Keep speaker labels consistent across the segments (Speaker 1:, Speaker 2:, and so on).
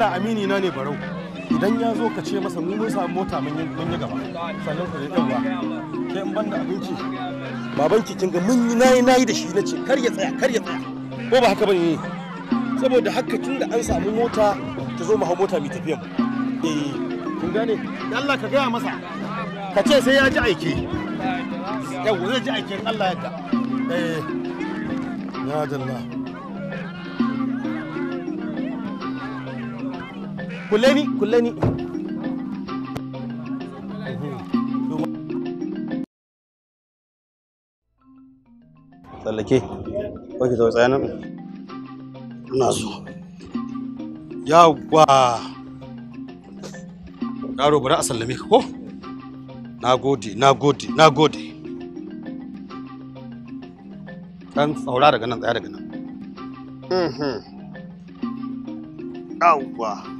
Speaker 1: Allah amini na ne barau idan ya zo ka ce masa mu mun samu mota mun yi gaba sannan ku zai yawa ke in banda abinci baban ki kinga mun yi nayi nayi da shi na ce kar ya tsaya kar ya tsaya ko ba haka bane saboda haka tun da an samu mota ta zo mu hau mota mai tafiya mu eh kin gane Allah ka gaya masa ka ce sai ya ji aiki yau zai ji aikin Allah ya ta eh ya dalla kulleni kulleni tsallake ina a ko na gode na gode na gode kan daga nan tsaya daga nan mhm. yawwa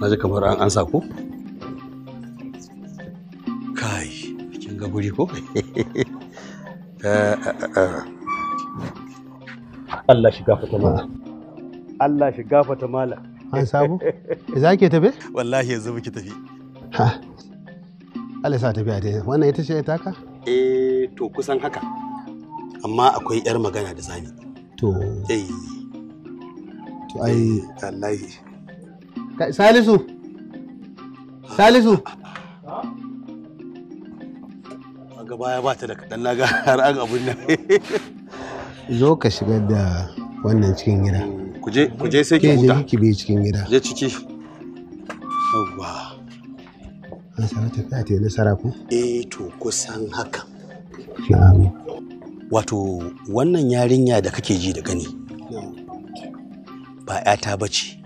Speaker 1: na ji kamar an ansa ko kai kin ga guri ko eh, eh, eh. Allah shi gafata mala Allah shi gafata mala an samu za ke tafi wallahi yanzu muke tafi ha Allah sa tafi a dai wannan ita ce taka eh to kusan haka amma akwai yar magana da zani. to eh to ai wallahi Salisu. Salisu. A gaba ba ta da kaɗan ga har an abun nan. Zo ka shigar da wannan cikin gida. Mm, kuje kuje sai ki huta. Ke je cikin gida. Je ciki. Yawwa. An sanar tafiya ta yi nasara ko? Eh to kusan haka. Sha'amu. Wato wannan yarinya da kake ji da gani. Ba 'yata ba ce.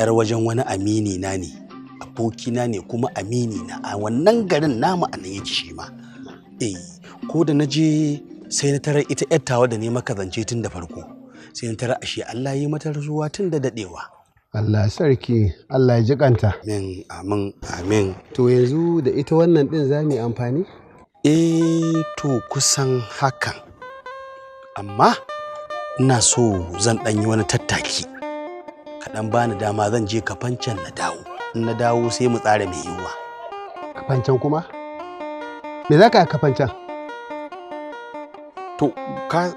Speaker 1: 'yar wajen wani amini na ne abokina ne kuma amini na a wannan garin namu a nan yake shi ma eh ko da na je sai na tarar ita 'yar tawa da ne maka zance tun da farko sai na tarar ashe Allah yi mata rasuwa tun da dadewa Allah sarki Allah ya jikanta. Amin amin amin. To yanzu da ita wannan din za mu amfani? Eh to kusan hakan. Amma ina so zan ɗan yi wani tattaki. kaɗan bani dama zan je kafancan na dawo in na dawo sai mu tsara mai yiwuwa kafancan kuma me za ka kafancan to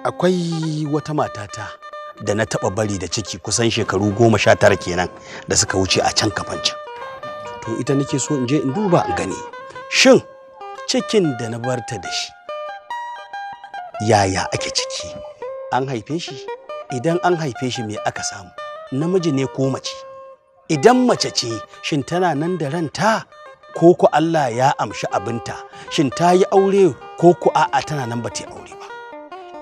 Speaker 1: akwai wata matata da na taɓa bari da ciki kusan shekaru goma sha tara kenan da suka wuce a can kafancan to ita nake so in je in duba in gani shin cikin da na barta da shi yaya ake ciki an haife shi idan an haife shi me aka samu namiji ne ko mace idan mace ce shin tana nan da ranta ko ku Allah ya amshi abinta shin ta yi aure ko ku a'a tana nan ba ta yi aure ba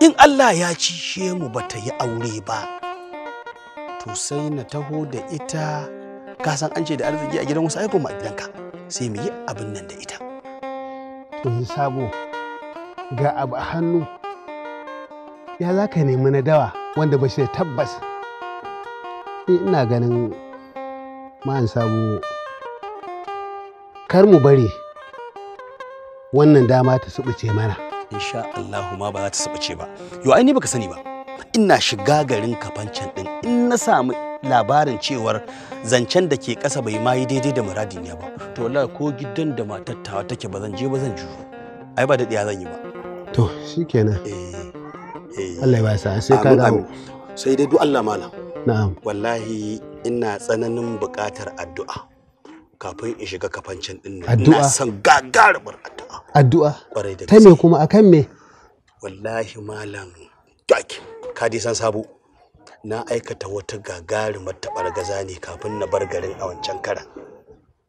Speaker 1: in Allah ya cishe mu ba ta yi aure ba to sai na taho da ita ka san an ce da arziki a gidan wasu aiko ma gidanka sai mu yi abin nan da ita yanzu sabo ga abu a hannu ya za ka nemi na dawa wanda ba shi tabbas ina ganin ma'an sabo kar mu bari wannan dama ta subuce mana insha Allah ma ba za ta subuce ba yo ai ni baka sani ba ina shiga garin kafancan din in na samu labarin cewar zancen da ke ƙasa bai ma yi daidai da muradin ya ba to wallahi ko gidan da matar tawa take ba zan je ba zan juro ai ba da diya zan yi ba to shikenan eh, eh Allah ya ba sa sai ka dawo sai dai duk Allah malam na'am wallahi ina tsananin buƙatar addu'a kafin in shiga kafancin din nan ina son gagarumar addu'a addu'a kwarai da ta me kuma me wallahi malam daki kadisan san sabo na aikata wata gagarumar gaza ne kafin na bar garin a wancan karan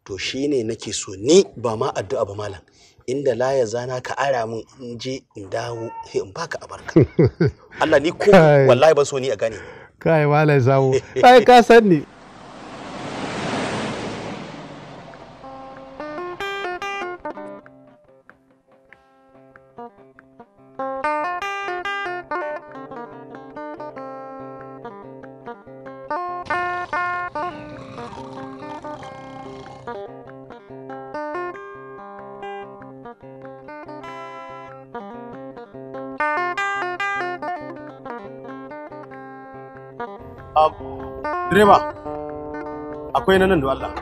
Speaker 1: to shine nake so ni ba ma addu'a ba malam inda laya zana ka ara min in je in dawo in baka abarka Allah ni ko wallahi ban so ni a gane kai malai samu kai ka san ni Direba, akwai nan da Allah.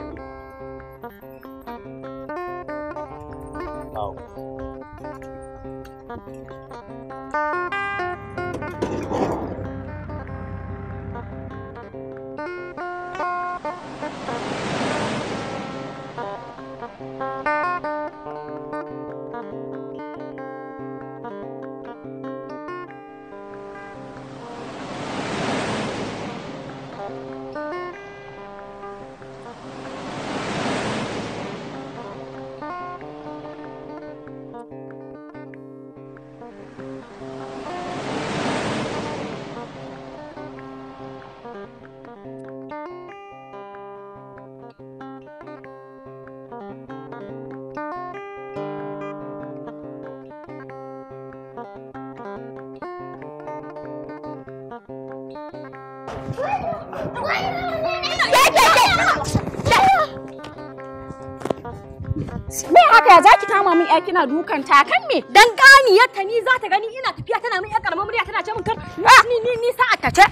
Speaker 2: ya kina dukan ta kan me dan gani ya ni za ta gani ina tafiya tana min yar karamar murya tana ce min kar ah, ni ni ni sa'a ta ce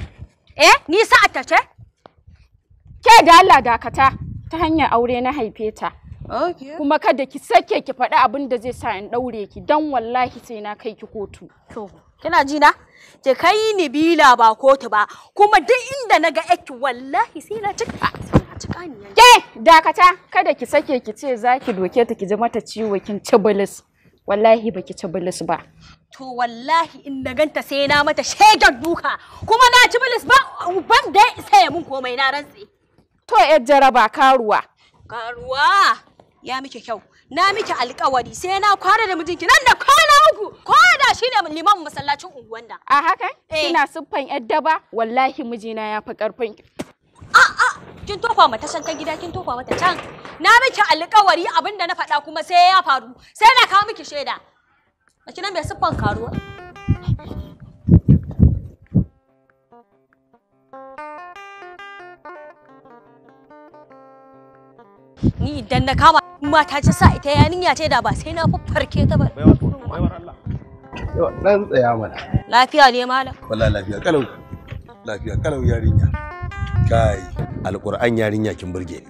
Speaker 2: eh ni sa'a ta ke da Allah dakata ta hanyar aure na haife ta kuma kada ki sake ki faɗi abin da zai sa in ɗaure ki dan wallahi sai na kai ki kotu to kina ji na ki kai ni bila ba kotu ba kuma duk inda naga ga wallahi sai na cika Ke dakata kada ki sake ki ce za ki doke ta ki ji mata ciwo kin cibilis. Wallahi baki cibilis ba. To wallahi in na ganta sai na mata shegar duka kuma na cibilis ba ban da isa ya mun komai na rantsi.
Speaker 3: To yar jaraba karuwa.
Speaker 2: Karuwa ya miki kyau. Na miki alkawari sai na kwara da mijinki nan da kwana uku. Kwana da shi ne liman masallacin unguwan nan. A haka? Eh. Kina siffan yar daba wallahi mijina ya fi karfin ki. a'a kin tofa mata can ta gida kin tofa mata can na miki alƙawari abinda na faɗa kuma sai ya faru sai na kawo miki shaida a kina mai siffan karuwa ni idan na kama mata ce sa ita yarinya ce da ba sai na fuffarke ta ba
Speaker 1: dan tsaya mana
Speaker 2: lafiya ne malam
Speaker 1: wallahi lafiya kalau lafiya kalau yarinya kai alƙur'an yarinya kin burge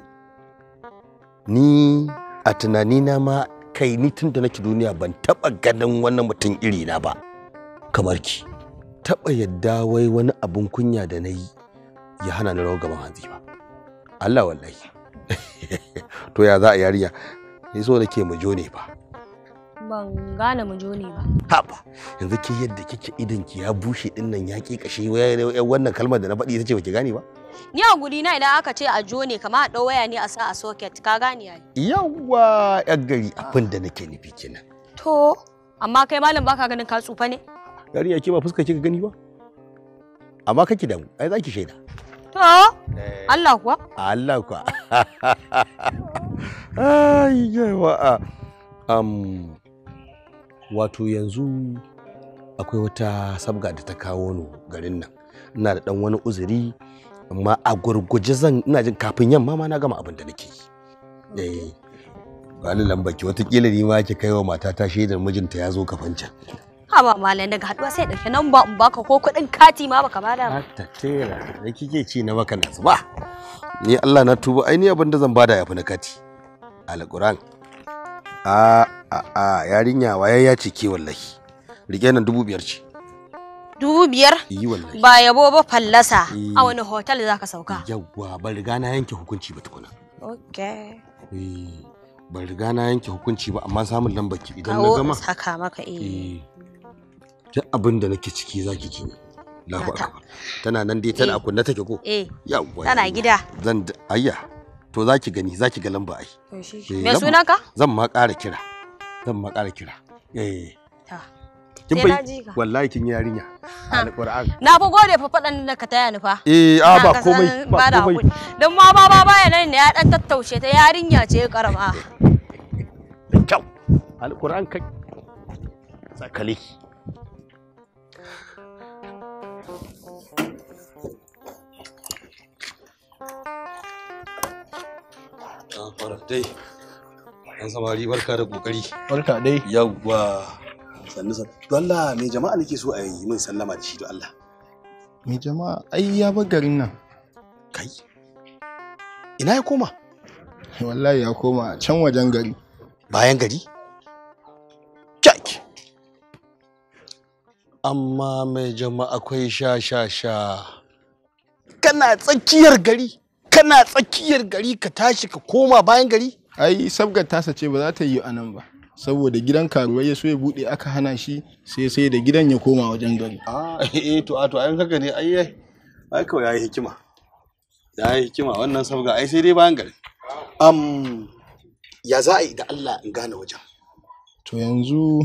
Speaker 1: ni ni a tunani na ma kai ni tun da nake duniya ban taɓa ganin wannan mutum iri na ba kamar ki taɓa yadda wai wani abun kunya da nayi yi ya hana ni rawar gaban hanzi ba Allah wallahi to ya za a yarinya ni so nake mu jone ba
Speaker 2: ban gane mu jone ba
Speaker 1: haba yanzu ke yadda kike idan ki ya bushe din nan ya ki kashe wannan kalmar da na faɗi ita ce ba ki gane ba
Speaker 2: ni a guri na idan aka ce a jo ne kama a waya ne a sa a socket ka gane
Speaker 1: yayi yawwa yar gari abin da nake nufi kenan
Speaker 2: to amma kai malam baka ganin ka tsufa ne
Speaker 1: gari yake ba fuska kika gani ba amma kake da mu ai zaki shaida
Speaker 2: to Allah kuwa
Speaker 1: Allah kuwa ai yawa um wato yanzu akwai wata sabga da ta kawo ni garin nan ina da dan wani uzuri amma a gurguje zan ina jin kafin yamma ma na gama abin da nake yi eh bani lambaki watakila ni ma ki kai wa matata shaidar mijinta ya zo kafan can
Speaker 2: ha ba malam daga haduwa sai dauke nan ba in baka ko kudin kati ma baka bada
Speaker 1: ba ta tera ne kike ci na baka nasu ba ni Allah na tuba ai ni abin da zan bada yafi na kati alquran a a a yarinya waye ya ce ke wallahi rike nan dubu biyar ce
Speaker 2: dubu biyar ba yabo ba fallasa a wani hotel za ka sauka
Speaker 1: yawwa ban riga na yanke hukunci ba tukuna ok ban riga na yanke hukunci ba amma samun lambar ki idan na gama
Speaker 2: saka maka eh
Speaker 1: duk abin da nake ciki zaki ki Allahu akbar tana nan dai tana eh. kunna take ko eh yawwa tana gida zan ayya to zaki gani zaki ga lamba ai eh, me sunanka zan ma kara kira zan ma kara kira eh kin bai wallahi kin yarinya alquran
Speaker 2: na fa gode fa fadan nan ka taya ni fa eh a ba komai ba komai dan ma ba ba baya nan ne ya dan tattaushe ta yarinya ce karama
Speaker 1: kyau alquran kai tsakale ah, Dai, an samari barka da ƙoƙari. Barka dai. Yawwa. sannu sannu Allah me jama'a nake so a yi min sallama da shi to Allah me jama'a ai ya bar garin nan kai ina ya koma wallahi ya koma can wajen gari bayan gari amma mai jama'a akwai sha sha sha kana tsakiyar gari kana tsakiyar gari ka tashi ka koma bayan gari ai sabgar tasa ce ba za ta yi a nan ba saboda gidan karuwai ya so ya bude aka hana shi sai sai da gidan ya koma wajen gari Ah, eh to a ah, to ayin haka ne ai ai kawai yayi hikima yayi hikima wannan sabga ai sai dai bayan gari am ya za a yi da Allah in gane wajen to yanzu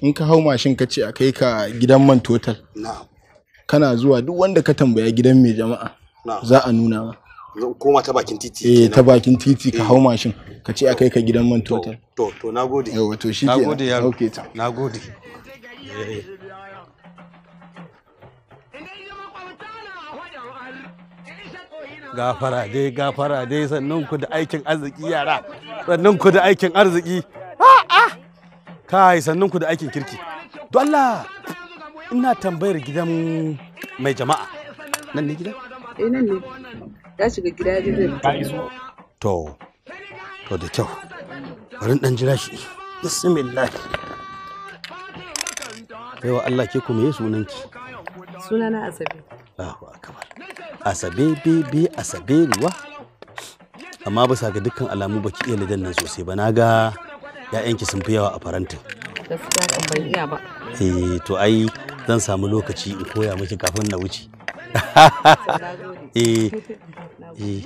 Speaker 1: in ka hau mashin ka ce a kai ka gidan man total kana zuwa duk wanda ka tambaya gidan mai jama'a za a nuna ma zan koma ta bakin titi eh ta bakin titi ka eh. hau mashin ka ce akai ka gidan man total to to nagode yawa to shi nagode ya okay ta nagode gafara dai gafara dai sannan ku da aikin arziki yara sannan ku da aikin arziki kai sannan ku da aikin kirki to Allah ina tambayar gidan mai jama'a nan ne gidan eh nan ne ta shiga gida da zai ta iso to to da kyau bari dan jira shi bismillah wa Allah ke kuma sunanki
Speaker 3: sunana asabe Allahu
Speaker 1: akbar asabe bi asabe ruwa amma bisa ga dukkan alamu baki iya lidan nan sosai ba na ga ‘ya'yanki sun fi yawa a farantin.
Speaker 3: Gaskiya kan ban iya ba.
Speaker 1: Eh to ai zan samu lokaci in koya miki kafin na wuce. eh eh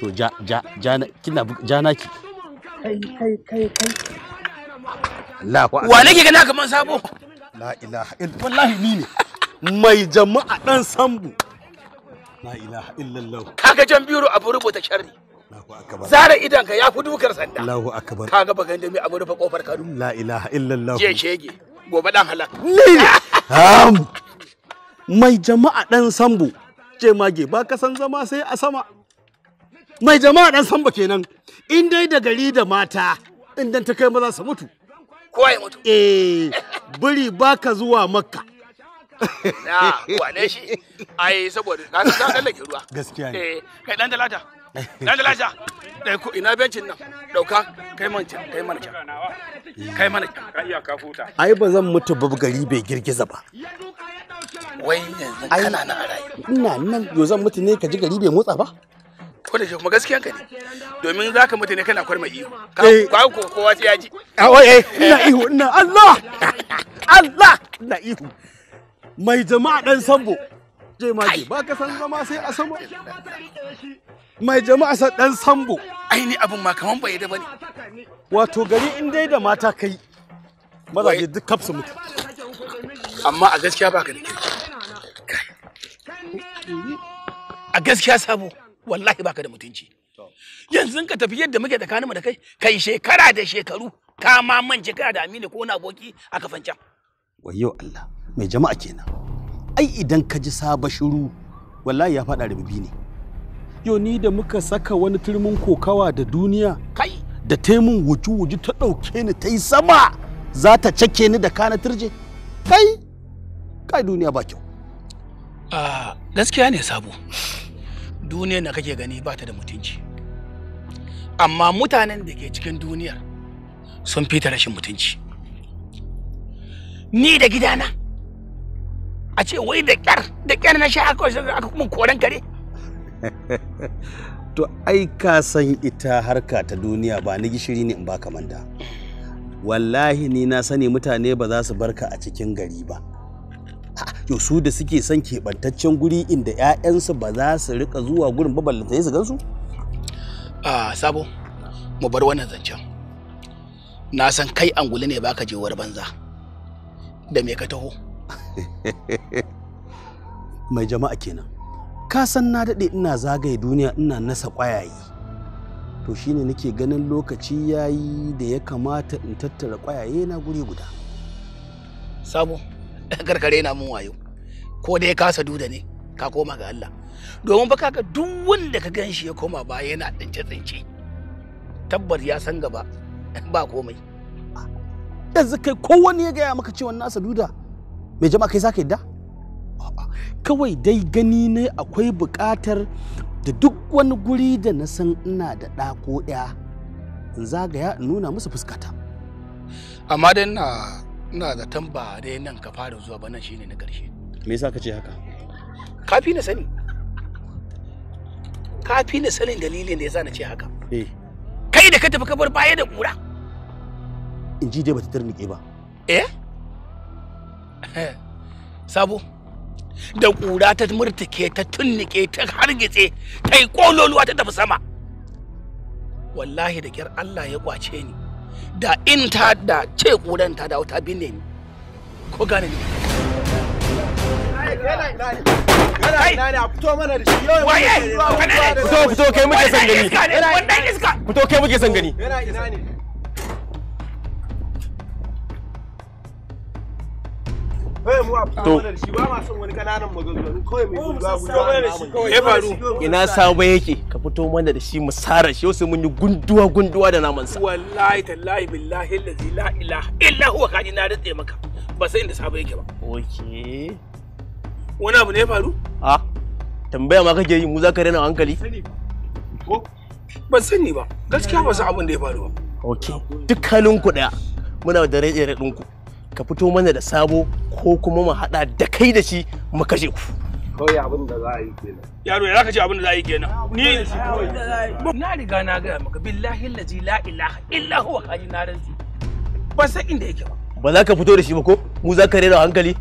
Speaker 1: to ja ja ja kina ja naki kai kai kai kai Allahu akbar wa nake kaman sabo la ilaha wallahi ni ne mai jama'a dan sambu la ilaha illallah kaga jan biro abu rubuta sharri Zara idan ka ya fi dukar sanda. Allahu akbar. Kaga da mai abu rufe kofar La ilaha illallah. Je shege. Gobe dan Ni. mai jama'a dan sambo ce mage ba ka san zama sai a sama mai jama'a dan sambo kenan in dai da gari da mata in dan ta kai maza su mutu kowa ya mutu eh buri ba ka zuwa makka na wane shi ai saboda ka san dan lake ruwa gaskiya ne eh kai dan dalata dan dalata Eh, ko ina bencin nan dauka kai mana can kai mana can kai mana can ka iya ka huta ai ba zan mutu ba gari bai girgiza ba wai yanzu kana nan a rayu ina nan yo zan mutu ne ka ji gari bai motsa ba ko da kuma gaskiya ka ne domin za ka mutane kana kwarma ihu eh. ka ko kowa sai ya ji awai ah, eh, ina ihu ina Allah Allah ina ihu mai jama'a dan sambo je maje ba ka san zama sai a sama mai jama'a sa dan sambo aini abin ma kaman bai da bane wato gari in dai da mata kai mazaje duk kafsu mutu amma a gaskiya baka da kirki a gaskiya sabo wallahi baka da mutunci yanzu ka tafi yadda muke tsakaninmu da kai kai shekara da shekaru ka ma mance kana da amini ko na aboki a kafan can wayo Allah mai jama'a kenan ai idan ka ji saba shiru wallahi ya faɗa rububi ne yoni da muka saka wani turmin kokawa da duniya kai da taimun wuju-wuju ta ɗauke ni ta yi sama za ta cake ni da kana turje kai kai duniya ba kyau a gaskiya ne sabo duniya na kake gani ba ta da mutunci amma mutanen da ke cikin duniya sun fita rashin mutunci ni da gidana a ce wai da kyar da kyar na sha aka kuma koren kare to ai ka san ita harka ta duniya ba ni gishiri ne in baka manta wallahi ni na sani mutane ba za su barka a cikin gari ba to su da suke son keɓantaccen guri inda 'ya'yansu ba za su rika zuwa gurin baballanta su gansu? a sabo mu bar wannan zancen na san kai anguli ne baka jewar banza da me ka taho mai jama'a kenan ka san na daɗe ina zagaye duniya ina nasa kwayaye to shine nake ganin lokaci ya yi da ya kamata in tattara ƙwayaye na guri guda sabo karkare na mun wayo ko da ya kasa duda ne ka koma ga Allah domin fa kaga duk wanda ka gan shi ya koma ba yana tsince tsince tabbar ya san gaba ba komai yanzu kai ko wani ya gaya maka cewa nasa duda mai jama'a kai zaka yadda kawai dai gani ne akwai buƙatar da duk wani guri da na san ina da ɗa ko ɗaya in zagaya in nuna musu fuskata amma dai na ina da tamba dai nan ka fara zuwa ba nan shine na ƙarshe me yasa ka ce haka kafi na sani kafi na sanin dalilin da yasa na ce haka eh kai da ka tafi bar baya da kura in ji dai bata tarnike ba eh sabo da ƙura ta murtuke ta tunnike ta hargitse ta yi ƙololuwa ta tafi sama wallahi da kyar Allah ya kwace ni da in ta da ce ƙuran ta dawo ta binne ni ko gane ni fito fito kai muke san gani fito kai muke san gani to ina sabo yake ka fito mana da shi mu sara shi sai mun yi gunduwa gunduwa da naman sa wallahi tallahi billahi allazi la ilaha illa huwa kaji na rantse maka ba sai inda sabo yake ba oke wani abu ne ya faru a tambaya ma kake yi mu zaka rena hankali ban sani ba gaskiya ba su abin da ya faru ba oke duk halin ku daya muna da rage ku ka fito mana da sabo ko kuma mu haɗa da kai da shi mu kashe ku. Kawai abin da za a yi kenan. Yaro ya kace abin da za a yi kenan. Ni na riga na gaya maka billahi laji la ilaha illa huwa kaji na rantsi. Ba san inda yake ba. Ba za ka fito da shi ba ko? Mu za ka rera hankali.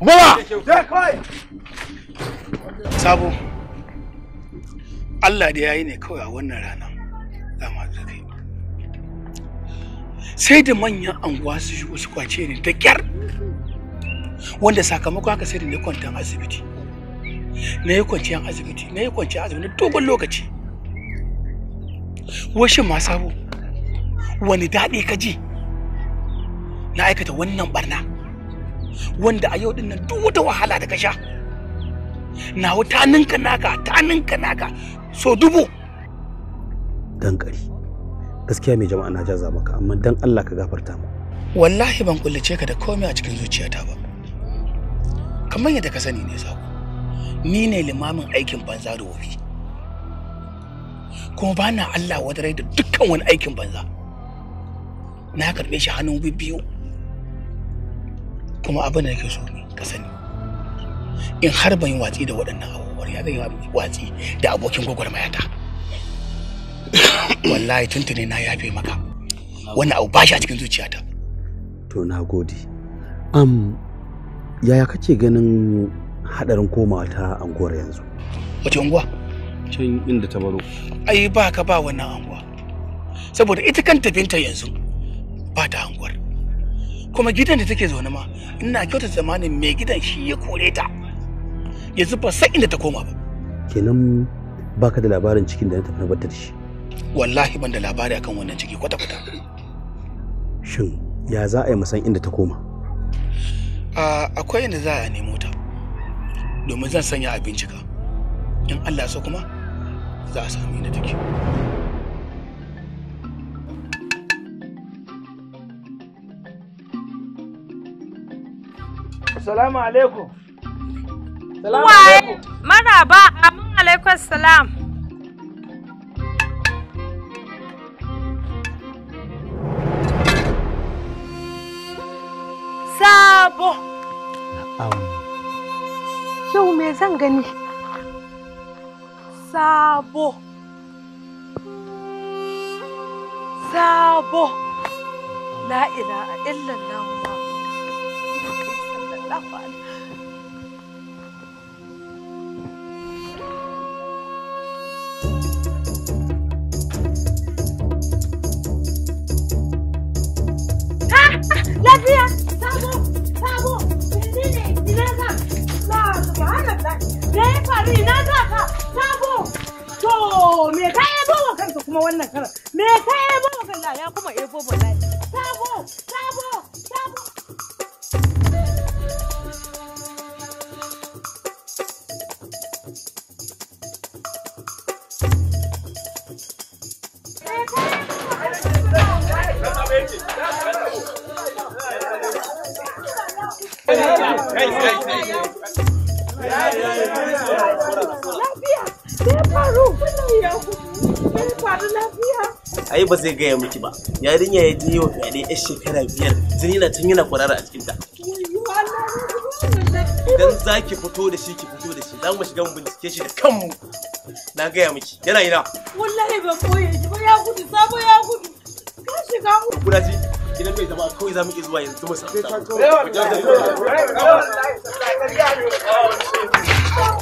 Speaker 1: Mawa! Sabo. Allah da ya yi ne kawai a wannan rana. zai sai da manyan anguwa su shigo su kwace ni da kyar wanda sakamakon haka sai da na kwanta asibiti na yi kwanciyar asibiti na yi kwanciyar asibiti dogon lokaci washin ma sabo wani daɗi ka ji na aikata wannan barna wanda a yau dinnan duk wata wahala da ka sha na ta ninka naka ta ninka naka so dubu dankali gaskiya mai jama'a na jaza maka amma dan Allah ka gafarta mu wallahi ban kullace ka da komai a cikin zuciyata ba kamar yadda ka sani ne sako ni ne limamin aikin banza da wofi kuma ba na Allah wadarai da dukkan wani aikin banza na karɓe shi hannun biyu kuma abin da nake so ne ka sani in har ban yi watsi da waɗannan abubuwar ya zan yi watsi da abokin gwagwarmayata. wallahi tuntune na yafe maka wannan abu ba shi a cikin zuciyata to na gode um, yaya kake ganin hadarin komawa ta anguwar yanzu wace anguwa can inda ta baro ai ba ka ba wannan anguwa saboda ita kanta binta yanzu ba ta anguwar kuma gidan da take zaune ma ina kyauta zamanin mai gidan shi ya kore ta yanzu ba sai inda ta koma ba kenan baka da labarin cikin da na tafi na da shi wallahi ban da labari akan wannan ciki kwata-kwata shin ya za a yi musan inda ta koma akwai inda za a nemo ta domin zan sanya a bincika in allah so kuma za a sami inda take Salamu alaikum. Salamu alaikum.
Speaker 3: Maraba, amin alaikum salam. zan gani sabo sabo la a illallah sallallahu alaihi lafiya Me ya faru ina za ka? Sabo! To me ka yi bawa kanka kuma wannan karan? Me ka yi bawa kanka ya kuma bawa bala'i? Sabo! Sabo! Sabo! Yeah, yeah, yeah. lafiya lafiya
Speaker 1: ai ba zai gaya miki ba yarinya ya je wa fyaɗe yar shekara biyar jini na tun yana kwarara a cikinta idan za ki fito da shi ki fito da shi za mu shiga mu bincike shi da kanmu na gaya miki yana ina wallahi ba koye shi
Speaker 3: ba ya gudu sabo ya gudu ka shiga mu
Speaker 1: kuna ji gidan mai zama kawai za mu iya zuwa yanzu mu samu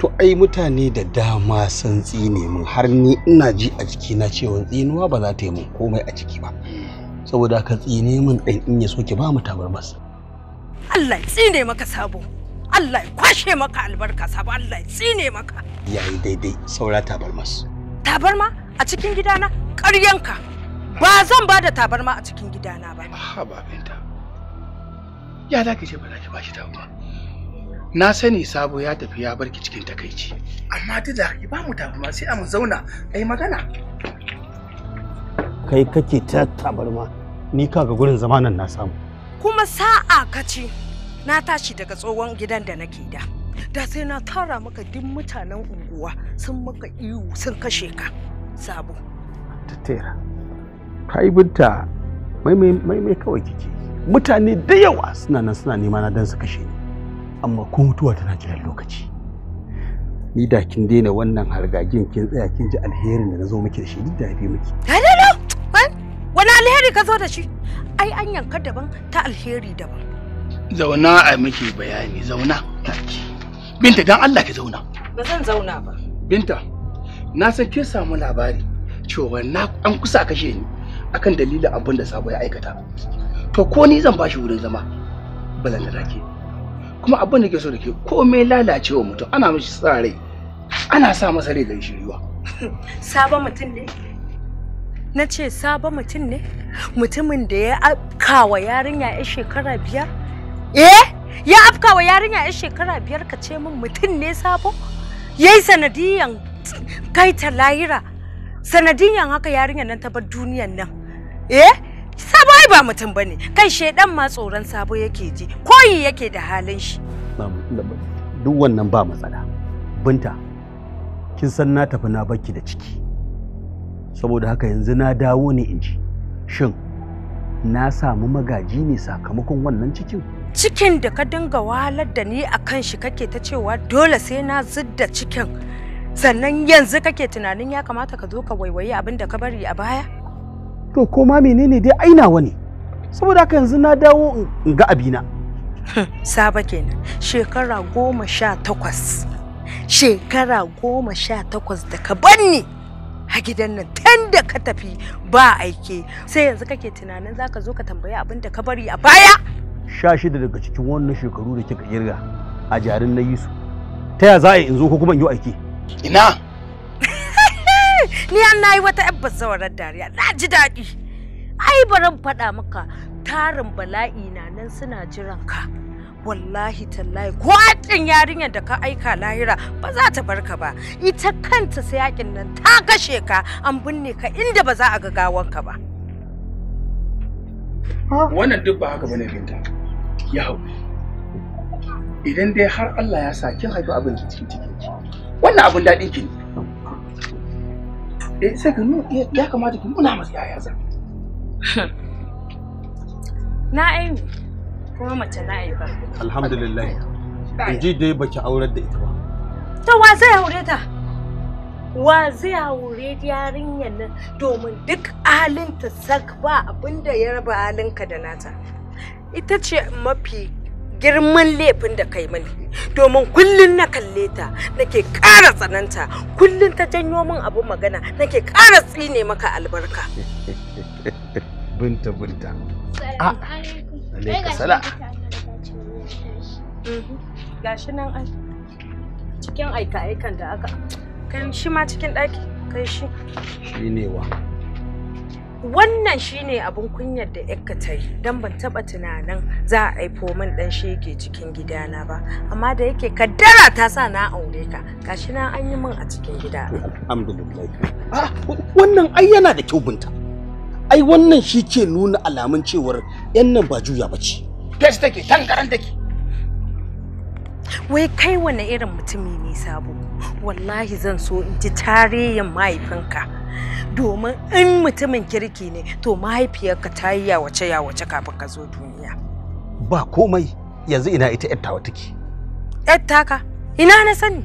Speaker 1: to ai mutane da dama sun tsine mun har ni ina ji a jikina cewa tsinuwa ba za ta yi mun komai a ciki ba saboda ka tsine mun ɗan in ya soke ba mu tabarmas
Speaker 3: Allah ya tsine maka sabo Allah ya kwashe maka albarka sabo Allah ya tsine maka
Speaker 1: yayi daidai saura tabarmas
Speaker 3: tabarma a cikin gidana ƙaryanka ba zan ba da tabarma a cikin gidana ba ha ba binta
Speaker 1: ya za ki ce ba za ki ba shi tabarma na sani sabo ya tafi ya barki cikin takaici amma duk da ba mu tafi ma sai a mu zauna ai magana kai kake ta tabarma ni kaga gurin zamanan na samu kuma
Speaker 3: sa'a kace na tashi daga tsohon gidan da nake da da sai na tara maka duk mutanen unguwa sun maka ihu sun kashe ka sabo
Speaker 1: Ka kai binta mai mai kawai kike mutane da yawa suna nan suna nema na don su kashe ni amma ko mutuwa tana kiran lokaci ni da kin daina wannan hargagin kin tsaya kin ji alherin da na zo miki da shi duk da yafi miki
Speaker 3: halalo wani alheri ka zo da shi ai an yanka daban ta alheri
Speaker 1: daban zauna a miki bayani zauna taki binta dan Allah ki zauna
Speaker 3: ba zan zauna ba
Speaker 1: binta na san kin samu labari cewa na an kusa kashe ni akan dalilin abin da sabo ya aikata to ko ni zan bashi wurin zama da ke kuma abin da ke so da ke komai lalacewa mutum ana mishi sa rai ana sa masa rai da shiriwa
Speaker 3: sabon mutum ne na ce sabo mutum ne mutumin da ya afkawa yarinya ya shekara biyar eh ya afkawa yarinya ya shekara biyar ka ce min mutum ne sabo yayi sanadiyan kai ta lahira sanadiyan haka yarinyar nan ta bar duniyan nan eh Sabo ai ba mutum bane. Kai shedan ma tsoron sabo yake ji. Koyi yake da halin shi.
Speaker 1: Duk wannan ba matsala. Binta, kin san na tafi na baki da ciki. Saboda haka yanzu na dawo ne in ji. Shin na samu magaji ne sakamakon wannan cikin?
Speaker 3: Cikin da ka dinga wahalar da ni a kan shi kake ta cewa dole sai na zidda cikin. Sannan yanzu kake tunanin ya kamata ka zo ka waiwayi abin da ka bari a baya?
Speaker 1: to koma menene dai aina wani saboda haka yanzu na dawo in ga abina
Speaker 3: saba kenan shekara goma sha takwas shekara goma sha takwas da ka banni a gidan nan tun da ka tafi ba aike sai yanzu kake tunanin zaka zo ka tambayi abin da ka bari a baya
Speaker 1: sha shida daga cikin wannan shekaru da kika kirga a jarin na yi ta ya za a in zo ko kuma in yi aike ina
Speaker 3: ni an nayi wata yar bazawarar dariya na ji daɗi ai baran faɗa maka tarin bala'i na nan suna jiran ka wallahi tallahi ko haƙin yarinyar da ka aika lahira ba za ta bar ka ba ita kanta sai yakin nan ta kashe ka an binne ka inda ba za a ga gawanka ba
Speaker 1: wannan duk ba haka bane binta ya hau idan dai har Allah ya sa kin haifi abin da cikin cikin wannan abin daɗin ki ne eh sai ka ya kamata ki nuna masa yaya za na aihu
Speaker 3: kuma mace na aiba
Speaker 1: alhamdulillah in ji dai baki aurar da ita ba
Speaker 3: to wa zai aure ta wa zai aure yarinyar nan domin duk halinta sak ba abinda ya raba halinka da nata ita ce mafi girman laifin da kai mani domin kullun na kalle ta nake ƙara tsananta kullun ta janyo min abin magana nake ƙara tsine maka
Speaker 1: albarka binta binta a ah, alaikum sala
Speaker 3: gashi mm-hmm. nan ai cikin aika-aikan da aka kai shi ma cikin ɗaki kai shi shi ne wa wannan shine abun kunyar da yakka ta yi don ban taba tunanin za a aifo min dan shege cikin gidana ba amma da yake kaddara ta sa na aure ka gashi na an yi min a cikin gida
Speaker 1: alhamdulillah ah wannan ai yana da kyau binta ai wannan shi ke nuna alamun cewar yan nan ba juya ba ce take tankaran take
Speaker 3: wai kai wani irin mutumi ne sabo wallahi zan so in ji tarihin mahaifinka domin in mutumin kirki ne to mahaifiyarka ta yi yawace yawace kafin ka zo duniya
Speaker 1: ba komai yanzu ina ita yar tawa take
Speaker 3: yar taka ina na sani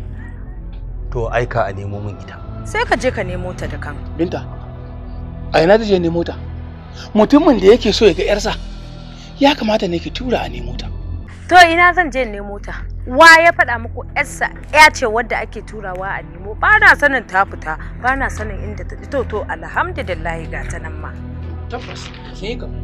Speaker 1: to aika a nemo min ita sai ka je ka nemo ta da kan binta a ina da je nemo ta mutumin da yake so ya ga yarsa ya kamata ne ki tura a nemo ta
Speaker 3: to ina zan je nemo ta wa ya faɗa muku yarsa ya ce wadda ake turawa a nemo ba na sanin ta fita ba na sanin inda ta to to alhamdulillah ga ta nan ma tabbas sai ga me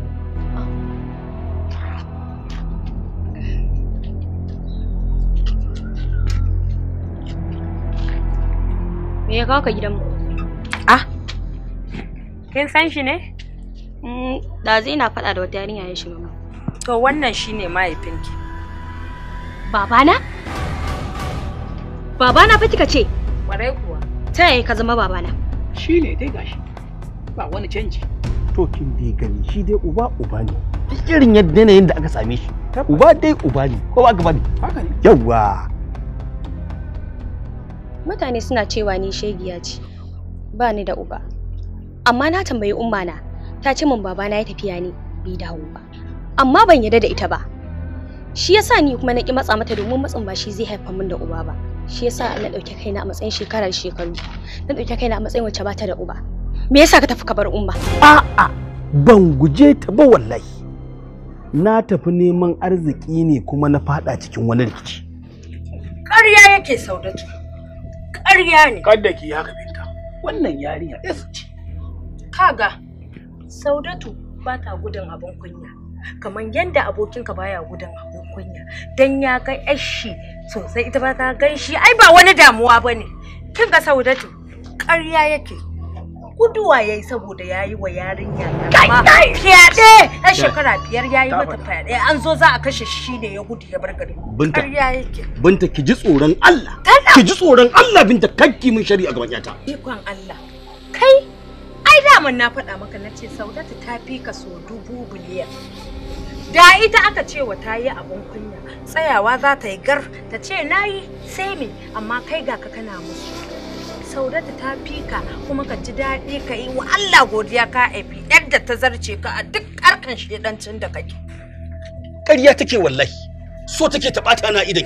Speaker 2: ya kawo ka gidan mu ah kin san shi ne da mm, zai na faɗa da wata yarinya ya shi mama to wannan shine mahaifinki Babana? Babana fa kika ce? Kwarai kuwa. Ta yaya ka zama babana? Shi ne dai gashi.
Speaker 1: Ba wani canji. To kin dai gani shi dai uba uba ne. Irin yadda yanayin da aka same shi. Uba dai uba ne. Ko ba gaba ne? Haka ne. Yawwa.
Speaker 2: Mutane suna cewa ni shegiya ce. Ba ni da uba. Amma na tambayi umma na. Ta ce min babana ya tafiya ne bai dawo ba. Amma ban yarda da ita ba. shi yasa ni kuma na ki matsa mata domin matsin ba shi zai haifa min da uba ba shi yasa na dauke kaina a matsayin shekarar shekaru na dauke kaina a matsayin wacce bata da uba me yasa ka tafi ka bar umma
Speaker 1: a'a ban guje ta ba wallahi na tafi neman arziki ne kuma na fada cikin wani rikici ƙarya yake saudatu ƙarya ne kada ki haka binta wannan yarinya ɗaya ce
Speaker 3: kaga saudatu ba ta gudun abin kunya kamar yadda abokinka baya gudun abokunya kunya dan ya ga ashi sosai ita ba ta gan shi ai ba wani damuwa ba ne kin ga saudatu ƙarya yake guduwa ya yi saboda ya yi wa yarinya amma fyaɗe ɗan shekara biyar ya yi mata fyaɗe an zo za a kashe shi ne ya gudu ya bar gari binta yake
Speaker 1: binta ki ji tsoron Allah ki ji tsoron Allah binta kakki min a gaban yata
Speaker 3: ikon Allah kai ai daman na faɗa maka na ce saudatu ta fi ka so dubu biliyan da ita aka ce wa ta yi abun kunya tsayawa za ta yi gar ta ce na sai me amma kai ga ka kana musu saudata ta fika kuma ka ji daɗi ka yi wa Allah godiya ka aifi yadda ta zarce ka a duk harkan shedancin da kake
Speaker 1: ƙarya take wallahi so take ta ɓata na ki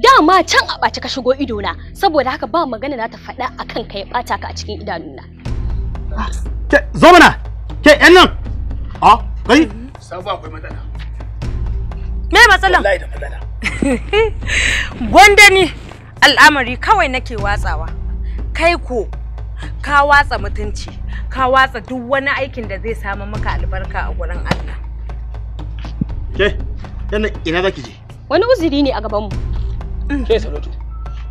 Speaker 2: dama can a ɓace ka shigo idona saboda haka ba magana na ta faɗa akan ka ya ɓata ka a cikin idanuna ah,
Speaker 1: zo mana ke yan nan a ah, kai sabu matsala
Speaker 3: me matsala gwanda ni al'amari kawai nake watsawa kai ko ka watsa mutunci ka watsa duk wani aikin da zai samu maka albarka a gurin Allah
Speaker 1: ke yana ina zaki je
Speaker 2: wani uzuri ne a gaban mu
Speaker 1: mm. ke salatu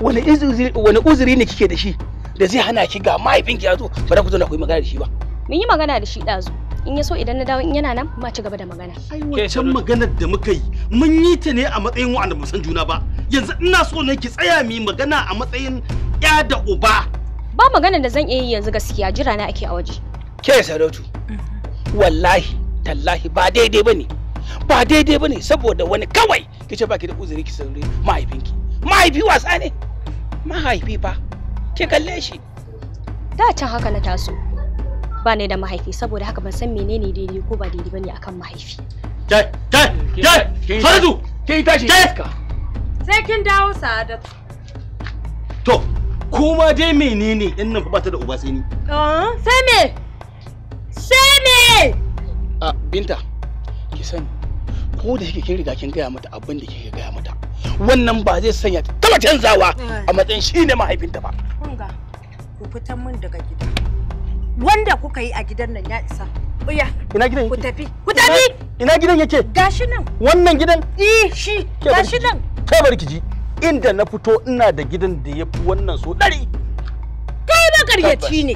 Speaker 1: wani uzuri wani uzuri ne kike da shi da zai hana ki ga mahaifinki ya zo ba za ku zo na ku yi magana da shi ba
Speaker 2: mun yi magana da shi ɗazu in ya so idan na dawo in yana nan ma ci gaba da magana ai wancan
Speaker 1: maganar da muka yi mun yi ta ne a matsayin wanda ba san juna ba yanzu ina so ne ki tsaya mi magana a matsayin ya da uba
Speaker 2: ba maganar da zan iya yi yanzu gaskiya jira na ake a waje
Speaker 1: ke sarautu wallahi tallahi ba daidai bane ba daidai bane saboda wani kawai ba baki da uzuri ki saurare mahaifinki mahaifi wasa ne mahaifi ba ki kalle shi
Speaker 2: da can haka na taso ba ni da mahaifi saboda haka ban san menene daidai ko ba daidai bane akan mahaifi
Speaker 1: kai kai kai farzu kai tashi iska
Speaker 3: sai kin dawo sa'adatu
Speaker 1: to kuma dai menene in nan ba ta da uba sai ni ah, sai me sai me a ah, binta ki sani ko da yake kin riga kin gaya mata abin da kike gaya mata wannan ba zai sanya ta taba canzawa eh. a matsayin shine mahaifinta ba
Speaker 3: kun ga ku fitan mun daga gida wanda kuka yi a gidan nan ya isa Uya.
Speaker 1: Ina gidan yake? Ku tafi. Ku tafi. Ina gidan yake?
Speaker 3: Gashi nan. Wannan gidan?
Speaker 1: Eh, shi. Gashi nan. Kai barki ji. Inda na fito ina da gidan da yafi wannan so dari.
Speaker 3: Kai magaryaci ne.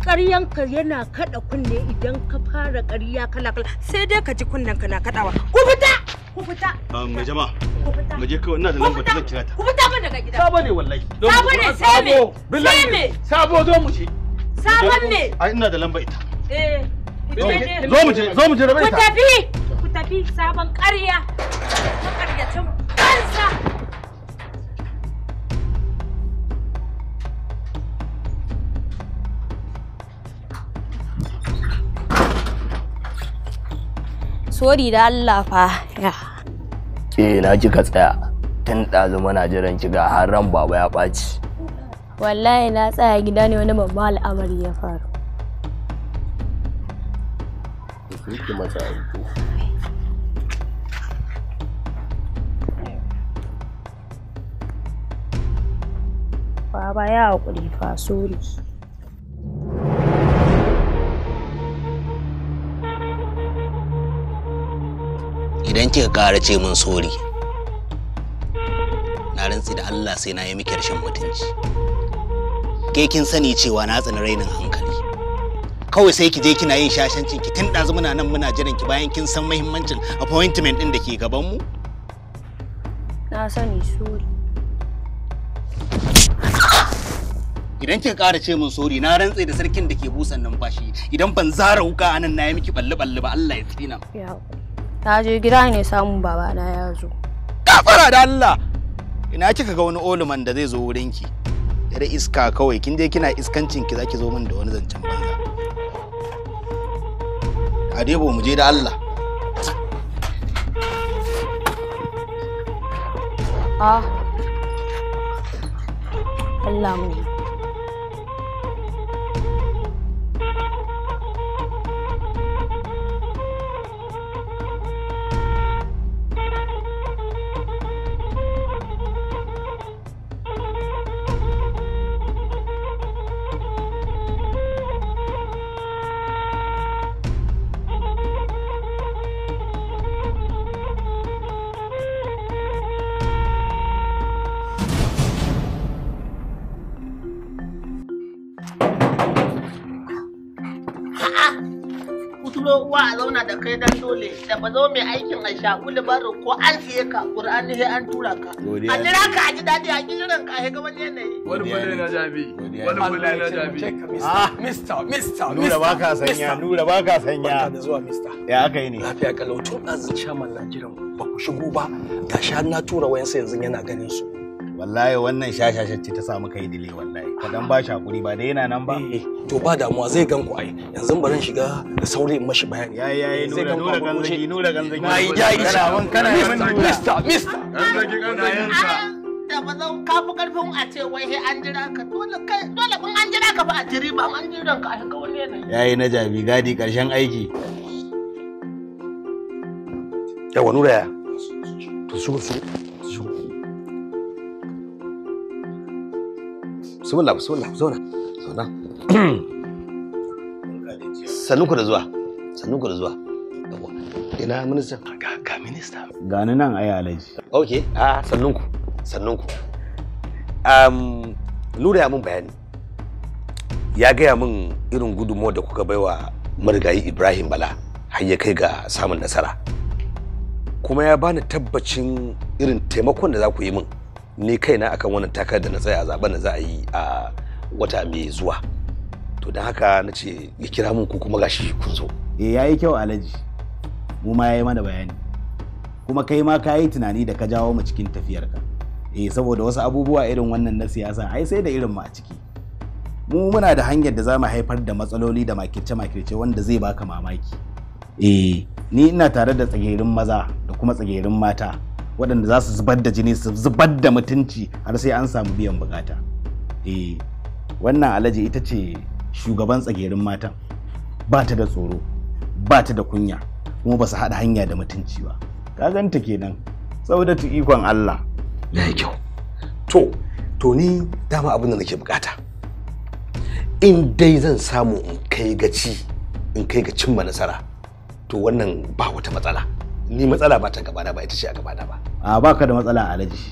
Speaker 3: ka yana kada kunne idan ka fara ƙarya kala kala sai dai ka ji kunnen ka na kadawa. Ku fita.
Speaker 1: Ku fita. Ah, mai jama'a. Ku fita. je kawai ina da lambar da zan kira ta. Ku fita mun daga gidan. Sabo ne wallahi. Sabo ne sai me? Sabo zo mu je. Sabon me? Ai ina da lamba ita.
Speaker 3: Eh. Zo mu je, zo mu je da ita. Ku tafi. Ku tafi sabon ƙarya. Maƙaryacin kansa.
Speaker 2: Sori da Allah fa.
Speaker 1: Eh na kika tsaya. Tun ɗazu mana jiran kiga har ran baba ya ɓaci.
Speaker 2: wallahi na tsaya gida ne wani babban al'amari ya faru
Speaker 3: Baba ya haƙuri fa sori.
Speaker 1: Idan kika ƙara ce min sori, na rantsi da Allah sai na yi miki rashin mutunci. ke kin sani cewa na tsani rainin hankali kawai sai ki je kina yin shashancin ki tun ɗazu muna nan muna jiran ki bayan kin san muhimmancin appointment ɗin da ke gaban mu
Speaker 2: na sani sori
Speaker 1: idan kika ƙara ce min sori na rantse da sarkin da ke busan numfashi idan ban zara wuka anan na yi miki balle balle ba Allah ya tsina
Speaker 2: ta je gida ne samun babana ya zo
Speaker 1: kafara da Allah ina kika ga wani oluman da zai zo wurinki ki yar iska kawai kin je kina iskancin ki zaki zo min da wani zancen banza adebo mu je da Allah
Speaker 2: ah Allah mu
Speaker 1: dole da ba zo mai aikin a shagulu baro ko an siye ka ƙur'ani sai an tura ka a jira ka a ji daɗi a kiran ka a ga wani yanayi wani bule na jabi wani bule na jabi mista mista nura ba ka sanya nura ba ka sanya da zuwa mista ya aka yi ne lafiya kalau tun azin chairman na ba ku shigo ba gashi har na tura wayansa yanzu yana ganin su wallahi wannan shashashacce ce ta samu kai dile wallahi ka dan ba shakuri ba da yana nan ba eh, to ba damuwa zai gan ku ai yanzu barin shiga da sauri in mashi bayani yayi yayi nura nura ganzagi nura ganzagi yayi yayi kana wan kana mister mister ganzagi ganzagin sa da ba zan ka fi karfin a ce wai he an jira ka dole kai dole kun an jira ka ba a jiri ba an jira ka a ga wani ne yayi na jabi gadi karshen aiki yawa nura ya to su su bismillah bismillah zauna zauna sannu ku da zuwa sannu ku da zuwa ina ministan ga ga minista ga ni nan ai alaji okay a sannun ku sannun ku um lura ya mun bayani ya gaya min irin gudunmawar da kuka baiwa marigayi ibrahim bala hanya kai ga samun nasara kuma ya bani tabbacin irin taimakon da za ku yi min ni kaina akan wannan takar da na tsaya a zaben da za a yi a wata mai zuwa to don haka na ce ya kira mun ku kuma gashi kun zo eh yayi kyau alaji, mu ma yayi mana bayani kuma kai ma ka yi tunani da ka jawo mu cikin tafiyarka eh saboda wasu abubuwa irin wannan na siyasa ai sai da irin mu a ciki mu muna da hanyar da za mu haifar da matsaloli da makirce-makirce wanda zai baka mamaki eh ni ina tare da tsagerin maza da kuma tsagerin mata waɗanda za su zubar da jini su zubar da mutunci har sai an samu biyan bukata eh wannan alaji ita ce shugaban tsagerin matan ba ta da tsoro ba ta da kunya kuma ba su haɗa hanya da mutunci ba ka ganta kenan saudatu ikon Allah ya yi kyau to to ni dama abin da nake bukata in dai zan samu in kai gaci in kai ga cimma nasara to wannan ba wata matsala ni matsala ba ta gabana ba ita ce a gabana ba a baka da matsala alaji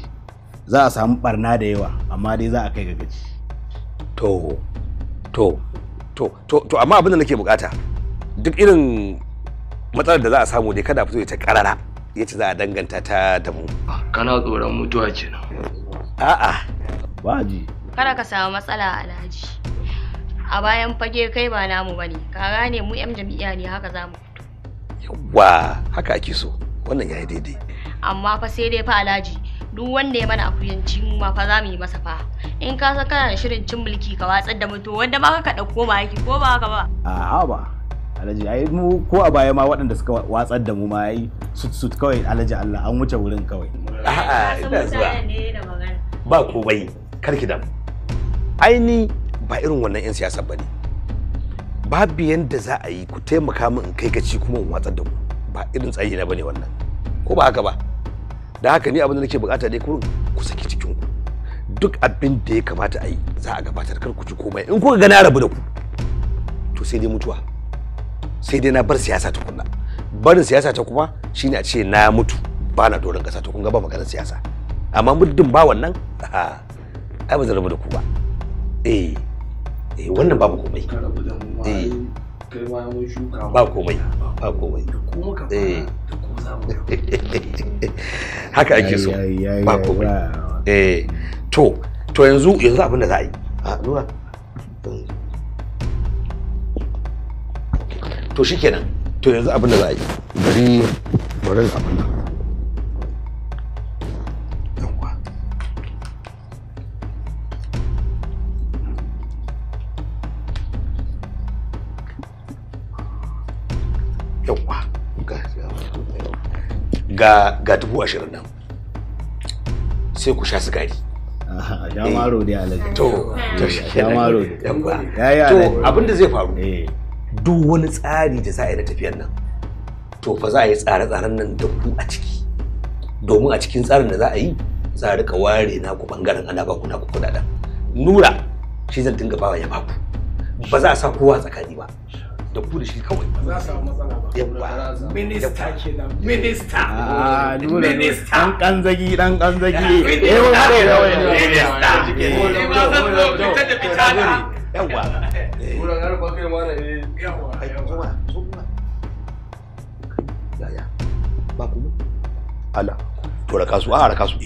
Speaker 1: za a samu barna da yawa amma dai za a kai ga gaji to to to to to amma abin da nake bukata duk irin matsalar da za a samu dai kada fito ita karara yace za a danganta ta da mu ah, kana tsoron mutuwa kenan a'a waji
Speaker 2: kada ka samu matsala alaji a bayan fage kai ba namu bane ka gane mu yan jami'a ne haka zamu
Speaker 1: yawwa haka ake so wannan yayi daidai
Speaker 2: amma fa sai dai fa alhaji duk wanda ya mana akuyanci mu ma fa za mu yi masa fa in ka san kana da shirin cin mulki ka watsar da mutu wanda ba ka dauko ba yake ko ba haka ba
Speaker 1: a'a ba alhaji ai mu ko a baya ma waɗanda suka watsar da mu ma ai sut sut kawai alhaji Allah an wuce wurin kawai a'a ina zuwa ba bai kar ki damu ai ni ba irin wannan yan siyasa bane babu yanda za a yi ku taimaka min in kai gaci kuma in watsar da ku ba irin tsayi na bane wannan ko ba haka ba da haka ni abin da nake bukata dai kurin ku saki cikin ku duk abin da ya kamata a yi za a gabatar kar ku ci komai in kuka ga na rabu da ku to sai dai mutuwa sai dai na bar siyasa ta kunna barin siyasa ta kuma shine a ce na mutu ba na doron kasa to kun ga ba maganar siyasa amma muddin ba wannan ai ba zan rabu da ku ba eh eh wannan babu komai eh ba komai ba komai eh. haka ake so ba komai eh to to yanzu yanzu abin da za a yi a nuna to shikenan to yanzu abin da za a yi bari bari abin nan ga ga dubu ashirin nan sai ku sha sigari maro dai alaji. Eh, to, to shi To, abin da zai faru. Eh. Duk wani tsari da za a yi na tafiyar nan. To fa za a yi tsare-tsaren nan da ku a ciki. Domin a cikin tsarin da za a yi za a rika ware naku bangaren ana na naku kudaden. Nura shi zan dinga bawa ya baku. Ba za a sa kowa tsakani ba. da ku da shi kawai ba za su samu matsala ba minista kenan minista ah, ah, minista dan kanzagi dan kanzagi ah, eh wani wani da wai wai minista eh, yawa eh. wurin har ba kai mana eh yawa yawa yaya ba ku ala to raka su a raka su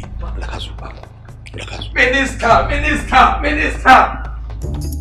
Speaker 1: raka eh, su raka su minista minista minista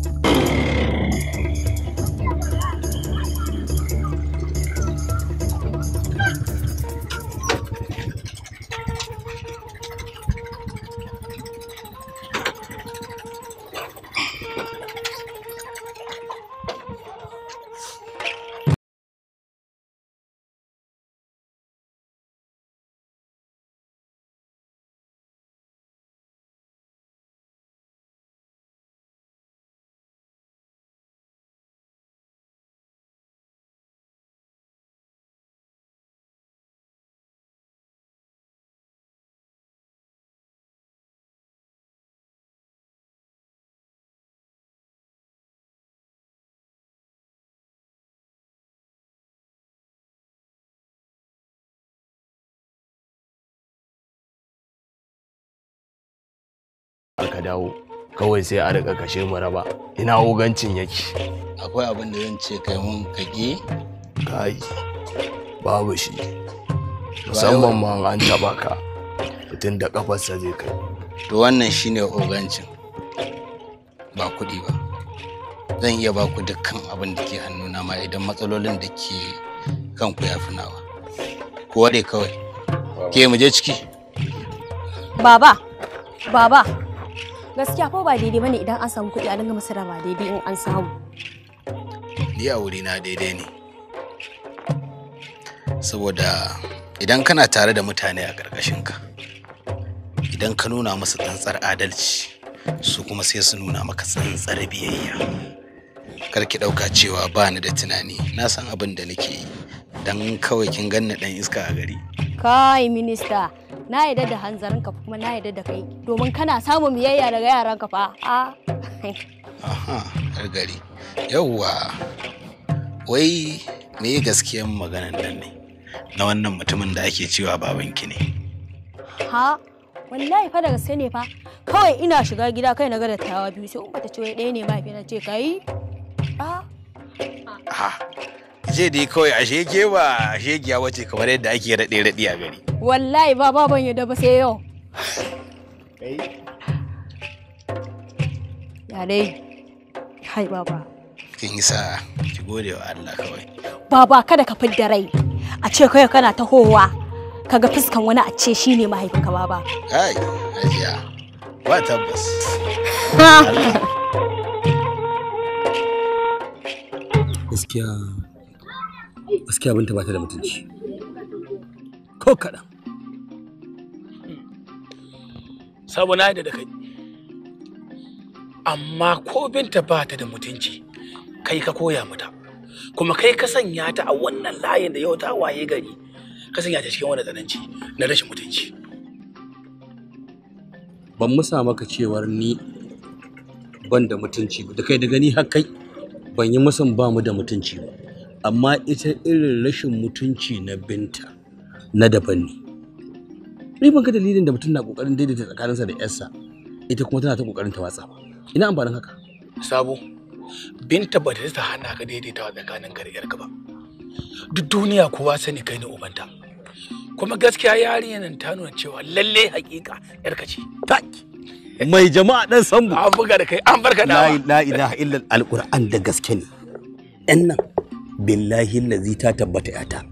Speaker 1: ka dawo kawai sai a riƙa kashe mu raba ina ugancin yake akwai abin da zan ce kai mun kage kai babu shi musamman ma an taba ka mutum da kafarsa zai kai to wannan shine ugancin ba kuɗi ba zan iya ba ku dukkan abin da ke hannuna ma idan matsalolin da ke kanku ya fi nawa ko dai kawai ke mu je ciki
Speaker 2: baba baba gaskiya ko ba daidai bane idan an samu kuɗi a dinga masa ba daidai in an samu
Speaker 1: ni a wuri na daidai ne saboda idan kana tare da mutane a ƙarƙashin ka, idan ka nuna musu tsantsar adalci su kuma sai su nuna maka tsantsar biyayya kar ki ɗauka cewa ba ni da tunani na san abin da nake yi don kawai kin ganna ɗan iska a gari
Speaker 2: kai minista na yarda da hanzarin ka kuma na yarda da kai domin kana samun biyayya daga yaran ka fa a
Speaker 1: aha har gari yauwa wai me gaskiyar maganan nan ne na wannan mutumin da ake cewa baban ki ne
Speaker 2: ha wallahi fa da gaske ne fa kawai ina shiga gida kai na ga dattawa biyu sai umma ta ce wai ɗaya ne na ce kai
Speaker 1: a je da kawai a ke ba a giya wace kamar yadda ake raɗe raɗe a gari
Speaker 2: wallahi ba baban yadda ba sai yau ya dai ba. baba
Speaker 1: kin yi sa'a ki gode wa Allah kawai
Speaker 2: baba kada ka fidda rai a ce kawai kana tahowa kaga fuskan wani a ce shine mahaifinka baba
Speaker 1: Hai, ajiya ba tabbas gaskiya gaskiya binta ba ta da mutunci ko kaɗan sabo na yadda da kai amma ko binta ba ta da mutunci kai ka koya mata kuma kai ka sanya ta a wannan layin da yau ta waye gari ka sanya ta cikin wani tsananci na rashin mutunci ban musa maka cewar ni ban da mutunci da kai da gani har kai ban yi musan ba mu da mutunci ba amma ita irin rashin mutunci na binta na daban ne ni ban ga dalilin da mutum na kokarin daidaita tsakaninsa da yarsa ita kuma tana ta kokarin ta watsa ina amfanin haka sabo binta ba ta hana ka daidaita tsakanin ka da yarka ba duk duniya kowa sani kai ne ubanta kuma gaskiya yarinyar nan ta nuna cewa lalle hakika yarka ce mai jama'a dan sambu an buga da kai an barka da la ilaha illa alquran da gaske ne Ɗan nan billahi lazi ta tabbata yata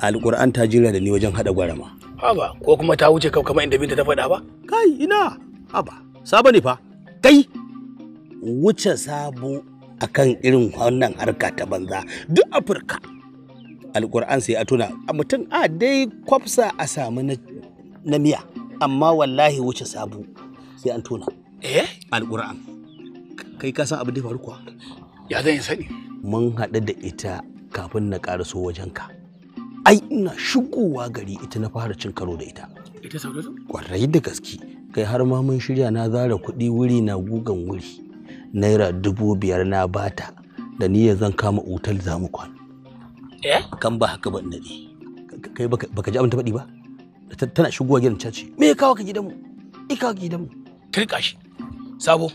Speaker 1: alƙur'an ta jira da ni wajen haɗa gwarama haba ko kuma ta wuce kamar inda binta ta faɗa ba kai ina haba sabo ne fa kai wuce sabo akan irin wannan harka ta banza duk afirka alƙur'an sai a tuna a mutum a dai kwafsa a samu na miya amma wallahi wuce sabo sai an tuna eh alƙur'an kai ka san abin da faru kuwa ya zan yi sani mun haɗu da ita kafin na ƙaraso wajenka ai ina shigowa gari ita na fara cin karo da ita ita saudatu kwarai da gaske kai har ma mun shirya na zara kuɗi wuri na gugan wuri naira dubu biyar na bata da niyyar zan kama otal za mu kwan. eh kan ba haka ban nadi kai baka ji abin ta faɗi ba tana shigowa gidan caci. me ya kawo ka gidanmu i kawo gidanmu kirka shi sabo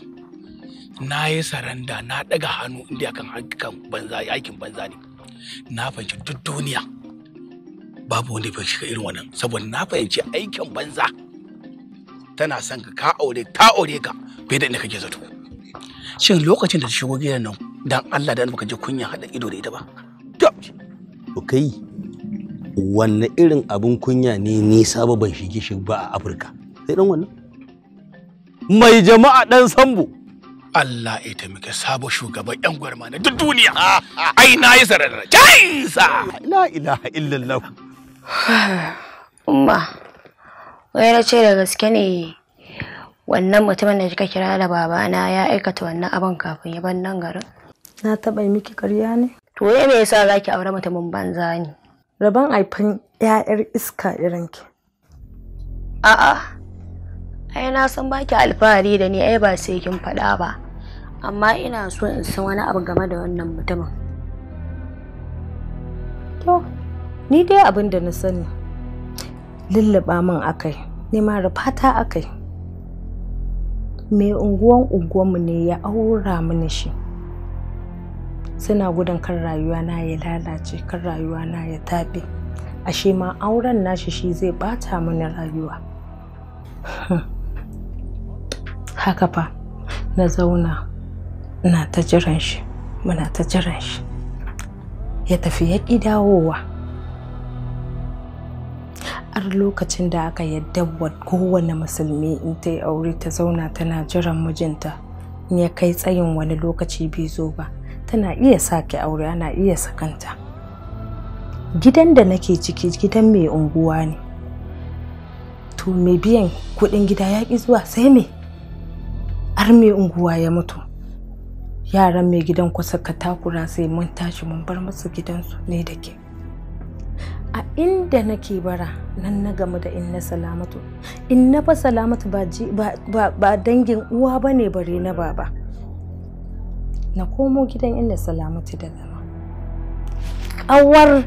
Speaker 1: na yi saranda na daga hannu inda kan hakikan banza aikin banza ne na fahimci duk duniya babu wanda ya shiga irin wannan saboda na fahimci aikin banza tana son ka ka aure ta aure ka bai da inda kake zato shin lokacin da ta shigo gidan nan dan Allah da baka ji kunya hada ido da ita ba to kai wanne irin abin kunya ne ne saba ban shige shi ba a Afirka sai dan wannan mai jama'a dan sambo Allah ya taimake sabo shugaban yan gwarma na duk duniya ai na yi zarar jaisa la ilaha illallah
Speaker 2: umma wai na ce da gaske ne wannan mutumin da kika kira da babana ya aikata wannan abin kafin ya bar nan garin na taɓa yi miki ƙarya ne to ya me yasa zaki aure mutumin banza ne rabon aifan 'ya'yar iska irinki a'a ai na san baki alfahari da ni ai ba sai kin faɗa ba amma ina so in san wani abu game da wannan mutumin to ni dai abin da na sani
Speaker 3: lullaba min akai nema rufata akai mai unguwan unguwanmu ne ya aura mini shi suna gudun kan rayuwa na ya lalace kan rayuwa na ya taɓe ashe ma auren nashi shi zai bata mini rayuwa haka fa na zauna ina ta jiran shi muna ta jiran shi ya tafi ya ƙi dawowa har lokacin da aka yadda wa kowane musulmi in ta yi aure ta zauna tana jiran mijinta in ya kai tsayin wani lokaci bai zo ba tana iya sake aure ana iya sakanta gidan da nake ciki gidan mai unguwa ne to mai biyan kuɗin gida ya ƙi zuwa sai me har mai unguwa ya mutu yaran mai gidan kusa ka takura sai mun tashi mun bar musu gidansu ne da ke a inda nake bara nan na gamu da inna salamatu inna fa salamatu ba dangin uwa ba ne bare na baba na komo gidan inna salamatu da zama ƙawar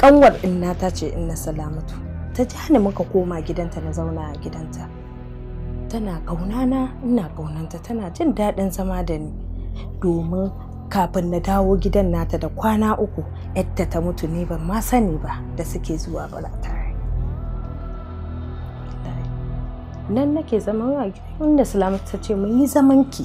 Speaker 3: ƙanwar inna ta ce inna salamatu ta ja ni muka koma gidanta na zauna a gidanta tana ƙaunana ina ƙaunanta tana jin daɗin zama da ni domin kafin na dawo gidan nata da kwana uku yadda ta mutu ne ban ma sani ba da suke zuwa bara tare nan nake zama wa gidan da ta ce mun yi zamanki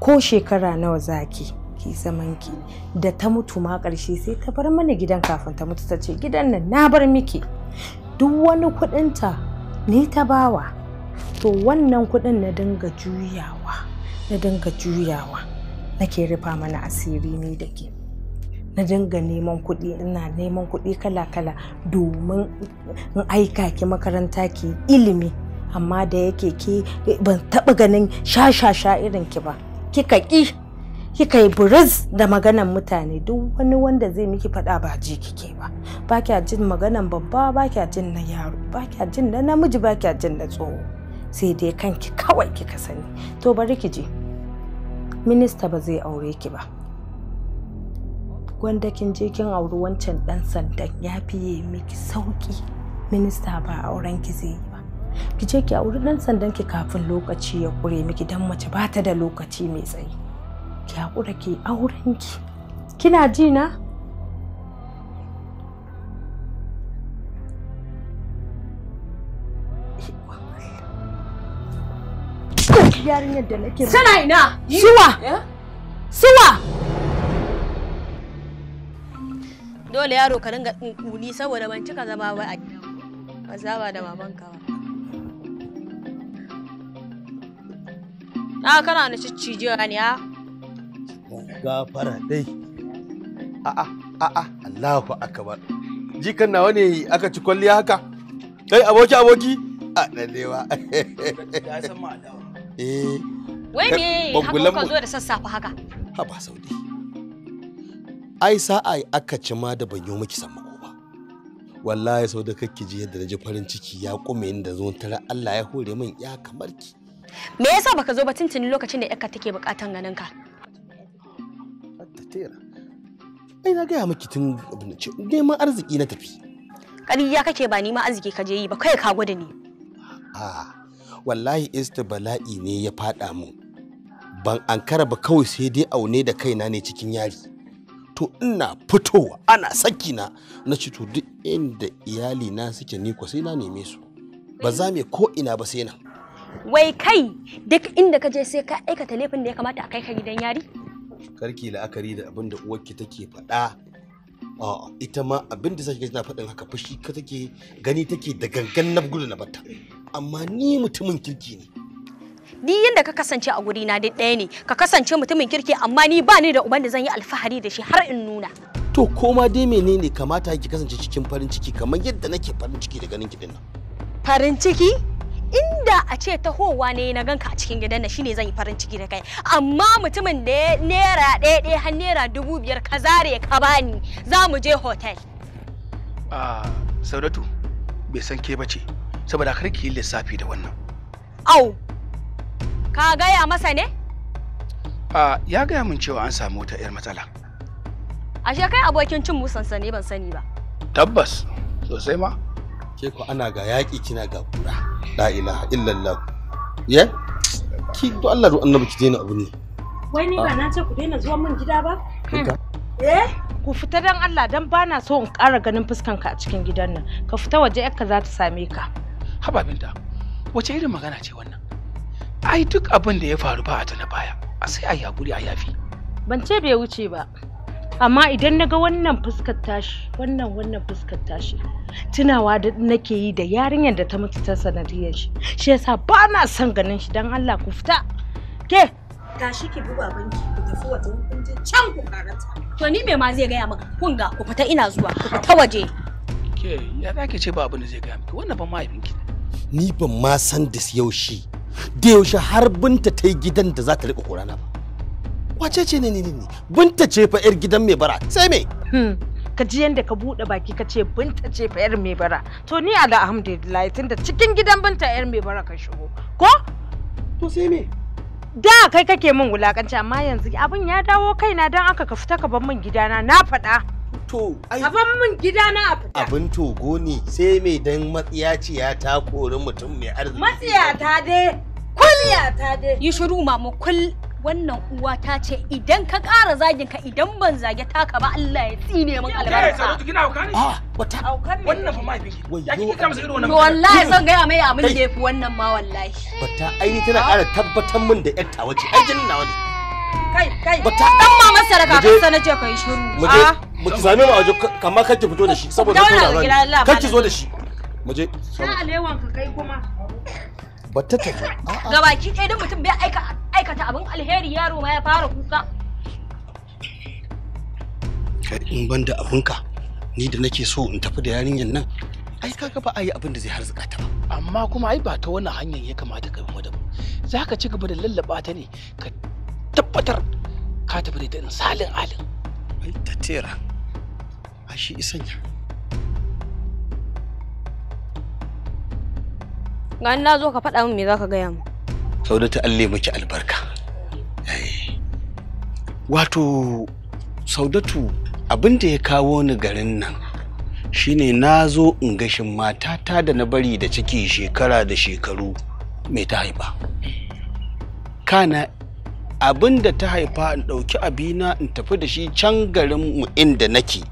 Speaker 3: ko shekara nawa zaki ki zamanki da ta mutu ma karshe sai ta bar mana gidan kafin ta mutu ta ce gidan nan na bar miki duk wani kuɗinta ni ta bawa to wannan kuɗin na dinga juyawa na dinga juyawa nake rufa mana asiri ni da ke na dinga neman kuɗi ina neman kuɗi kala-kala domin in aika ki makaranta ki ilimi amma da yake ki ban taɓa ganin sha-sha-sha irin ki ba kika ki kika yi buris da maganan mutane duk wani wanda zai miki faɗa ba ji kike ba ba kya jin maganan babba ba kya jin na yaro ba kya jin na namiji ba kya jin na tsoho sai dai kanki kawai kika sani to bari ki je minista ba zai aure ki ba gwanda kin je kin auri wancan dan sandan ya fiye miki sauki minista ba auren ki zai yi ba ki je ki auri dan sandan ki kafin lokaci ya kure miki dan mace ba ta da lokaci mai tsayi ki hakura ki auren ki kina ji na yarinyar da nake
Speaker 2: Sana ina. Suwa. Eh? Suwa.
Speaker 3: Dole yaro ka dinga kunkuni saboda ban cika zama ba a
Speaker 2: ba zaba da ka ba. Ah, kana na ciccijewa ne ha? Ah?
Speaker 1: Gafara dai. A'a a'a Allahu akbar. Jikan nawa ne aka ci kwalliya haka? Kai aboki aboki? A ah, dalewa Ya san ma Eh.
Speaker 2: Wai me haka ka zo da sassafe haka?
Speaker 1: Haba Saudi. Ai sa'a aka ci ma da Banyo yi miki sammako ba. Wallahi sau da kake ji yadda na ji farin ciki ya kume ni da zo tara Allah ya hore min ya kamar ki.
Speaker 2: Me yasa baka zo ba tuntuni lokacin da yarka take bukatan ganin ka?
Speaker 1: Tera. Ai na gaya miki tun abin ce neman arziki na tafi.
Speaker 2: Ƙarya kake ba neman arziki ka je yi ba kai ka gwada ni.
Speaker 1: Ah. wallahi ista bala'i ne ya faɗa mun ban ankara ba kawai sai dai aune da kaina ne cikin yari to ina fitowa ana saki na na ci to duk inda iyali na suke ni ko sai na neme su ba za me ko ina ba sai nan.
Speaker 2: wai kai duk inda ka je sai ka aikata laifin da ya kamata a kai ka gidan yari
Speaker 1: karki la'akari da abin da uwarki take faɗa ita ma abin da sai tana faɗin haka fushi ka take gani take da gangan na gudu na batta amma ni mutumin kirki ne
Speaker 2: ni yadda ka kasance a guri na ɗaya ne ka kasance mutumin kirki amma ni ba ni da uban da zan yi alfahari da shi har in nuna
Speaker 1: to koma dai menene kamata ki kasance cikin farin ciki kamar yadda nake farin ciki da ganin ki dinnan
Speaker 2: farin ciki inda a ce tahowa ne na ganka a cikin gidan na shine zan yi farin ciki da kai amma mutumin da ya naira ɗaya ɗaya har naira dubu biyar ka zare ka bani za mu je hotel
Speaker 1: a saudatu bai san ke bace saboda kar ki yi lissafi da wannan
Speaker 2: au ka gaya masa ne
Speaker 1: a ya gaya min cewa an samu wata 'yar matsala
Speaker 2: ashe kai abokin cin musan ne ban sani ba
Speaker 1: tabbas sosai ma ke ku ana ga yaƙi kina ga kura la ilaha illallah ya ki to Allah ru annabi ki daina abu ne
Speaker 3: wai ni ba ah. na ce ku daina zuwa min gida ba eh ku fita dan Allah dan bana so in ƙara ganin fuskan ka a cikin gidan nan ka fita waje yakka za ta same ka haba binta wace irin magana ce wannan
Speaker 1: ai duk abin da ya faru ba a ta na baya a sai a yaƙuri a yafi
Speaker 3: ban ce bai wuce ba amma idan na ga wannan fuskar tashi wannan wannan fuskar tashi tunawa da nake yi da yarinyar da ta mutu ta sanadiyar shi shi yasa ba na son ganin shi dan Allah ku fita
Speaker 2: ke tashi ki bi babanki ku tafi waje kun je can ku karanta to ni me ma zai gaya maka kun ga ku fita ina zuwa ku fita waje
Speaker 1: ke ya ki ce ba abin da zai gaya miki wannan ban mahaifinki ni ban ma san da yaushe da yaushe har binta ta yi gidan da za ta riƙa korana ba wace ce ne ne ne binta ce fa yar gidan mai bara sai me
Speaker 3: hmm. ka ji yadda ka buɗe baki ka ce binta ce fa yar mai bara to ni ala alhamdulillah tunda cikin gidan binta yar mai bara ka shigo ko to sai me da kai kake min wulakanci amma yanzu abin ya dawo kaina don aka ka fita ka bar min gidana na faɗa
Speaker 2: to ai a bar min gidana a
Speaker 1: fita abin togo ne sai me dan ya ta kori mutum mai arziki
Speaker 2: matsiyata dai kuliya ta dai yi shiru mamu kul wannan uwa ta ce idan ka ƙara zagin ka idan ban zage taka ba Allah ya tsine min albarka. Ke
Speaker 1: kina hauka ne? Ah, wata hauka ne. Wannan fa mai biki. Ya kike kira masa irin wannan. Wallahi zan ga
Speaker 2: mai abin da yafi wannan ma wallahi.
Speaker 1: Bata aini tana ƙara tabbatar min da ƴar tawa ce. Ai jinin nawa ne.
Speaker 2: Kai kai. Bata dan mama saraka ka sanar je kai shiru. Mu je ah.
Speaker 1: mu ki same mu a waje kamar ki fito da shi saboda tona rani. Kake zo da shi. Mu je.
Speaker 2: alewan ka kai kuma. Bata tafi. Gabaki ɗaya don mutum bai aikata abin alheri yaro ma ya fara kuka.
Speaker 1: Kai in ban da abinka ni da nake so in tafi da yarinyar nan ai kaga ba a yi abin da zai harzuka ta ba. Amma kuma ai ba ta wannan hanyar ya kamata ka bi da mu. Za ka ci gaba da lallaba ta ne ka tabbatar ka tafi da in salin alin. Ai ta tera. Ai shi isanya.
Speaker 2: Ga na zo ka faɗa min me zaka ka gaya mu.
Speaker 1: Saudatu alle miki albarka. Eh. Wato Saudatu abin da ya kawo ni garin nan shine na zo in gashin matata da na bari da ciki shekara da shekaru mai ta haifa. Kana abin da ta haifa in ɗauki abina in tafi da shi can garin mu inda nake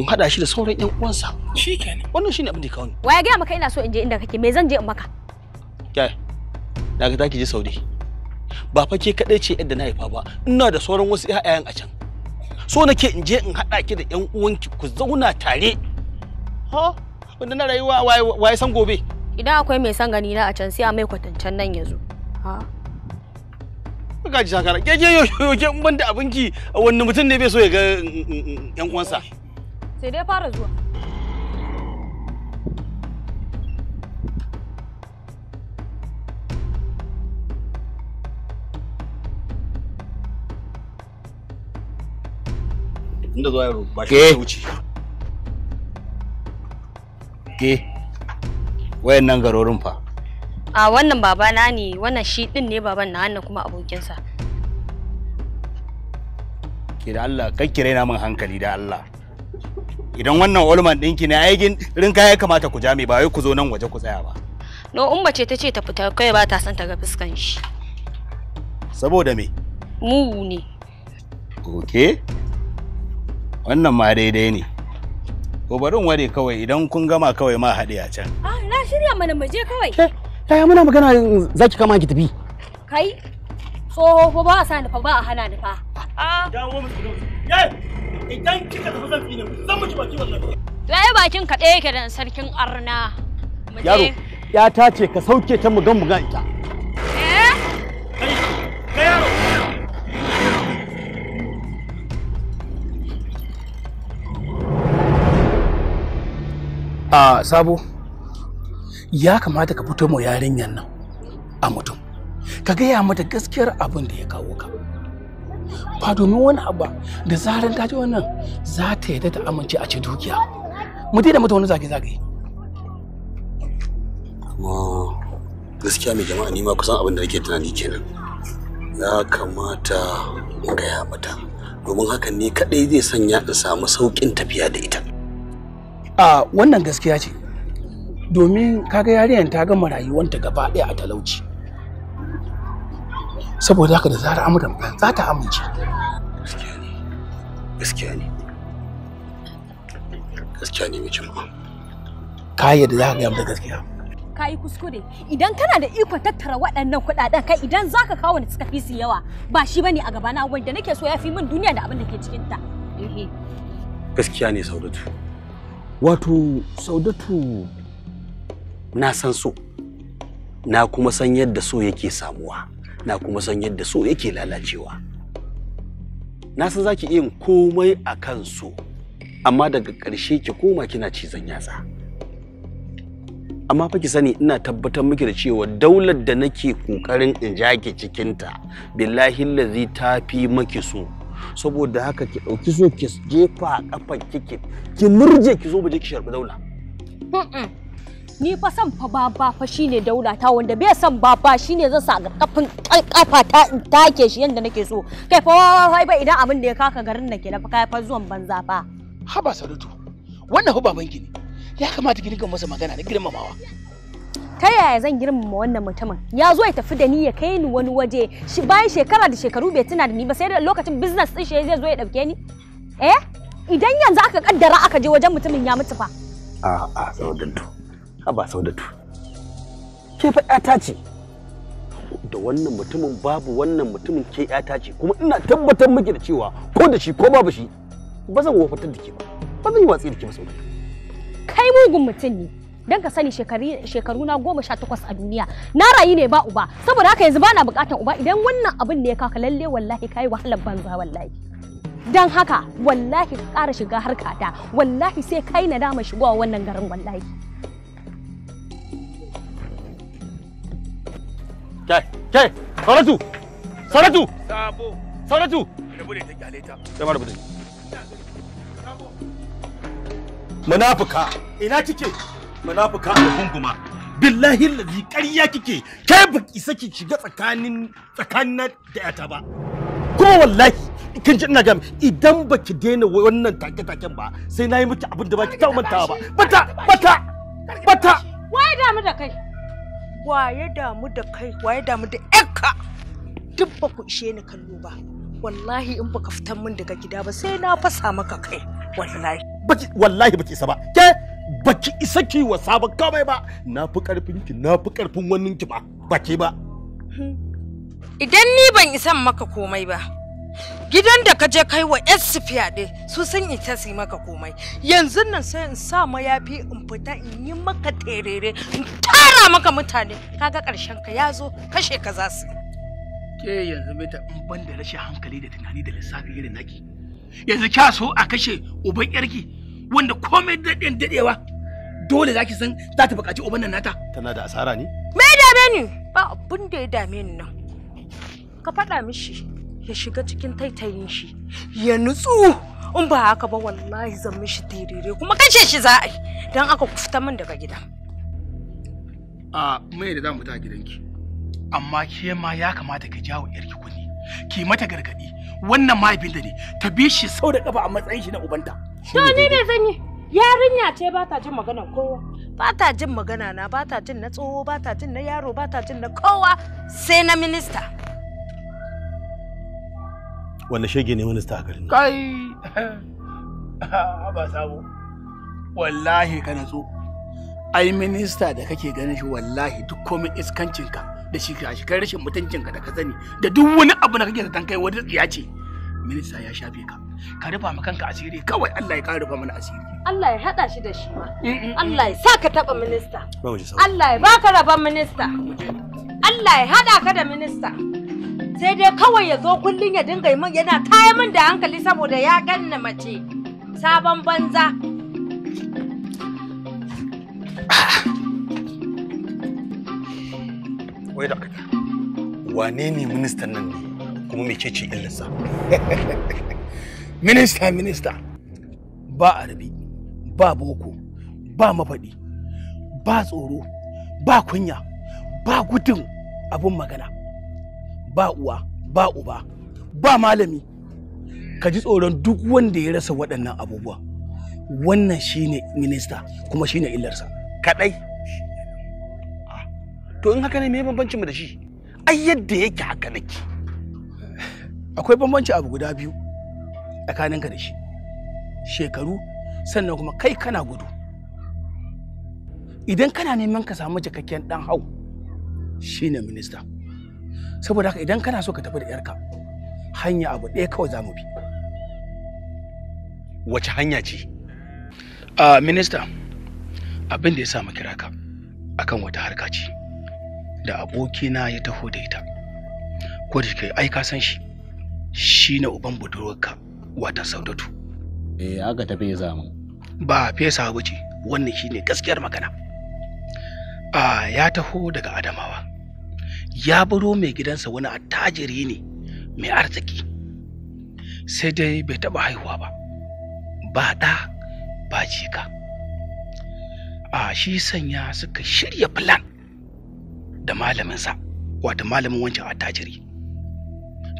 Speaker 1: in haɗa shi da sauran ƴan uwansa shikenan wannan shine abin da kawo ni
Speaker 2: waya ga maka ina so in je inda kake me zan je in maka
Speaker 1: kai na ga take je Saudi ba fa ke kaɗai ce yadda na haifa ba ina da sauran wasu ƴaƴan a can so nake in je in haɗa ki da ƴan uwanki ku zauna tare ha wanda na rayuwa waye san gobe
Speaker 2: idan akwai mai san gani na a can sai a mai kwatancan nan ya zo ha
Speaker 1: ka ji sakara ke ke yo yo ke ban da abinki wani mutum ne bai so ya ga mm, mm, mm, ƴan uwansa
Speaker 3: sai dai fara zuwa
Speaker 1: inda zuwa yaro ba shi wuce ke wayan nan garorin fa
Speaker 2: a wannan baba na ne wannan shi din ne baban na wannan kuma abokinsa
Speaker 1: ke da Allah kakkire raina min hankali da Allah idan wannan olman ɗinki ne aikin rinka ya kamata ku jami ba wai ku zo nan waje ku tsaya ba
Speaker 2: no umma ce ta ce ta fita kai ba ta san ta ga fuskan shi saboda me mu ne
Speaker 1: oke wannan ma daidai ne ko in ware kawai idan kun gama kawai ma haɗe a can ah
Speaker 2: na shirya mana mu je kawai
Speaker 1: yaya muna magana zaki kama ki tafi
Speaker 2: kai tsoho ba a sa ni fa ba a hana ni fa
Speaker 1: Ah. Dawo
Speaker 2: bakin ka ɗaya yake da
Speaker 1: Yaro, ya ta ka sauke ta mu gan ita. Eh? A sabo, ya kamata ka fito mu yarinyar nan a mutum. Ka gaya mata gaskiyar abin da ya kawo ka. ba domin wani abu da zaran ta ji wannan za ta yadda ta amince a ce dukiya mu da mata wani zage-zage amma gaskiya mai jama'a ne ma kusan abin da nake tunani kenan ya kamata in gaya mata domin hakan ne kadai zai sanya da samu saukin tafiya da ita a wannan gaskiya ce domin kaga yarinyar ta gama rayuwanta gaba ɗaya a talauci saboda haka da zarar amu da za ta amince gaskiya ne gaskiya ne gaskiya ne mai ma ka yadda za ka gaya da gaskiya
Speaker 2: ka yi kuskure idan kana da iko tattara waɗannan kuɗaɗen kai idan za ka kawo da suka fi su yawa ba shi ne a gabana wanda nake so ya fi min duniya da abin da ke cikin ta.
Speaker 1: gaskiya ne saudatu wato saudatu na san so na kuma san yadda so yake samuwa na kuma san yadda so yake lalacewa na san za ki yin komai a kan so amma daga ƙarshe ki koma kina cizon yatsa amma fa ki sani ina tabbatar miki da cewa daular da nake ƙoƙarin in ja ki cikinta billahi lazi ta fi maki so saboda haka ki ɗauki so ki jefa a ƙafar ki ki murje ki zo baje ki sharbi daula
Speaker 2: ni fa san fa baba fa shine daula ta wanda bai san baba shine zan sa ga kafin kafa ta take shi yanda nake so kai fa wai ba idan abin da ya kaka garin nake na fa kai fa zuwan banza fa
Speaker 1: haba sarutu wannan hu baban ne ya kamata ki riga masa magana da girmamawa
Speaker 2: ta yaya zan girmama wannan mutumin ya zo ya tafi da ni ya kai ni wani waje shi bayan shekara da shekaru bai tuna da ni ba sai da lokacin business din shi zai zo ya dauke ni eh idan yanzu aka kaddara aka je wajen mutumin ya mutu fa
Speaker 1: a'a saudanto haba saudatu ke fa ƴata ce da wannan mutumin babu wannan mutumin ke ƴata ce kuma ina tabbatar miki da cewa ko da shi ko babu shi ba zan wofatar da ke ba ba zan yi watsi da ke ba saudatu
Speaker 2: kai mugun mutum ne don ka sani shekaru na goma sha takwas a duniya na rayu ne ba uba saboda haka yanzu bana bukatan uba idan wannan abin ne ya kaka lalle wallahi kai wahalar banza wallahi don haka wallahi ka ƙara shiga harkata wallahi sai kai dama shigowa wannan garin wallahi
Speaker 1: Kai, kai, Saratu! Saratu! Sabo! Saratu! Rabu da ta kyale ta. Sai ma rabu da Munafuka! Ina kike? Munafuka da gunguma. Billahi lazi ƙarya kike, kai ba isa ki shiga tsakanin tsakanin da yata ba. Kuma wallahi kin ji ina gami idan ba ki daina wannan take-taken ba sai na yi miki abin da ba ki taɓa mantawa ba. Bata! Bata! Bata!
Speaker 3: Wai damu da kai? waye damu da kai waye damu da ƴakka duk ba ku ishe ni kallo ba wallahi in baka fitar min daga gida ba sai na fasa maka kai
Speaker 1: wallahi baki wallahi baki isa ba ke baki isa ki wa sabon kamai ba na fi karfin ki na fi karfin wannan ki ba baki ba
Speaker 3: hmm. idan ni ban isan maka komai ba gidan da ka je kai wa yan su san su sun ita maka komai yanzu nan sai in sa mayafi in fita in yi maka terere in tara maka mutane kaga ƙarshen ka ya zo kashe ka za su
Speaker 1: ke yanzu mai in ban da rashin hankali da tunani da lissafi irin naki yanzu kya so a kashe uban yarki wanda komai daɗin daɗewa dole zaki san za ta buƙaci uban nan nata tana da asara ne me dame ni
Speaker 3: ba abin da ya dame ni nan ka faɗa mishi ya shiga cikin taitayin shi ya nutsu in ba haka ba wallahi zan mishi tirire kuma kashe shi za a yi don aka kufta min daga gida
Speaker 1: a mai da mu ta gidanki amma ke ma ya kamata ka jawo yarki kunni ki mata gargadi wannan mahaifin da ne ta bi shi sau da kafa a matsayin shi na ubanta
Speaker 3: to ni ne zan yi yarinya ce ba ta jin maganar kowa ba ta jin magana na ba ta jin na tsoho ba ta jin na yaro ba ta jin na kowa sai na minista
Speaker 1: wanda shege ne minista a garin kai ba sabo wallahi ka natsu ai minista da kake ganin shi wallahi duk komai iskancinka da shi shi kai rashin mutuncinka da ka sani da duk wani abu da kake zaton kai wani tsiya ce minista ya shafe ka ka rufa ma kanka asiri kawai Allah ya rufa mana asiri
Speaker 3: Allah ya hada shi da shi ma Allah ya sa ka taba minista Allah ya baka rabon minista Allah ya hada ka da minista sai dai kawai ya zo kullum ya dinga min yana taya min da hankali saboda ya ganna mace sabon banza
Speaker 1: wai da wane ne ministan nan ne kuma me ce illarsa minista minista ba arabi ba boko ba mafaɗi ba tsoro ba kunya ba gudun abun magana ba uwa ba uba ba malami ka ji tsoron duk wanda ya rasa waɗannan abubuwa wannan shine minista kuma shine illarsa kadai to in haka ne me bambancin mu da shi ai yadda yake haka nake akwai bambanci abu guda biyu tsakaninka da shi shekaru sannan kuma kai kana gudu idan kana neman ka samu cikakken dan hau shine minista saboda haka idan kana so ka tafi da yarka hanya abu ɗaya kawai za mu bi wace hanya ce a minista abin da ya sa mu kira ka akan wata harka ce da abokina ya taho da ita ko da kai ai ka san shi na uban budurwarka wata saudatu eh aka tafi zamu ba fesa ba ce wannan shine gaskiyar magana a ya taho daga adamawa ya buro mai gidansa wani attajiri ne mai arziki sai dai bai taɓa haihuwa ba ba ɗa ba jika a shi sanya suka shirya plan da malaminsa wata malamin wancan attajiri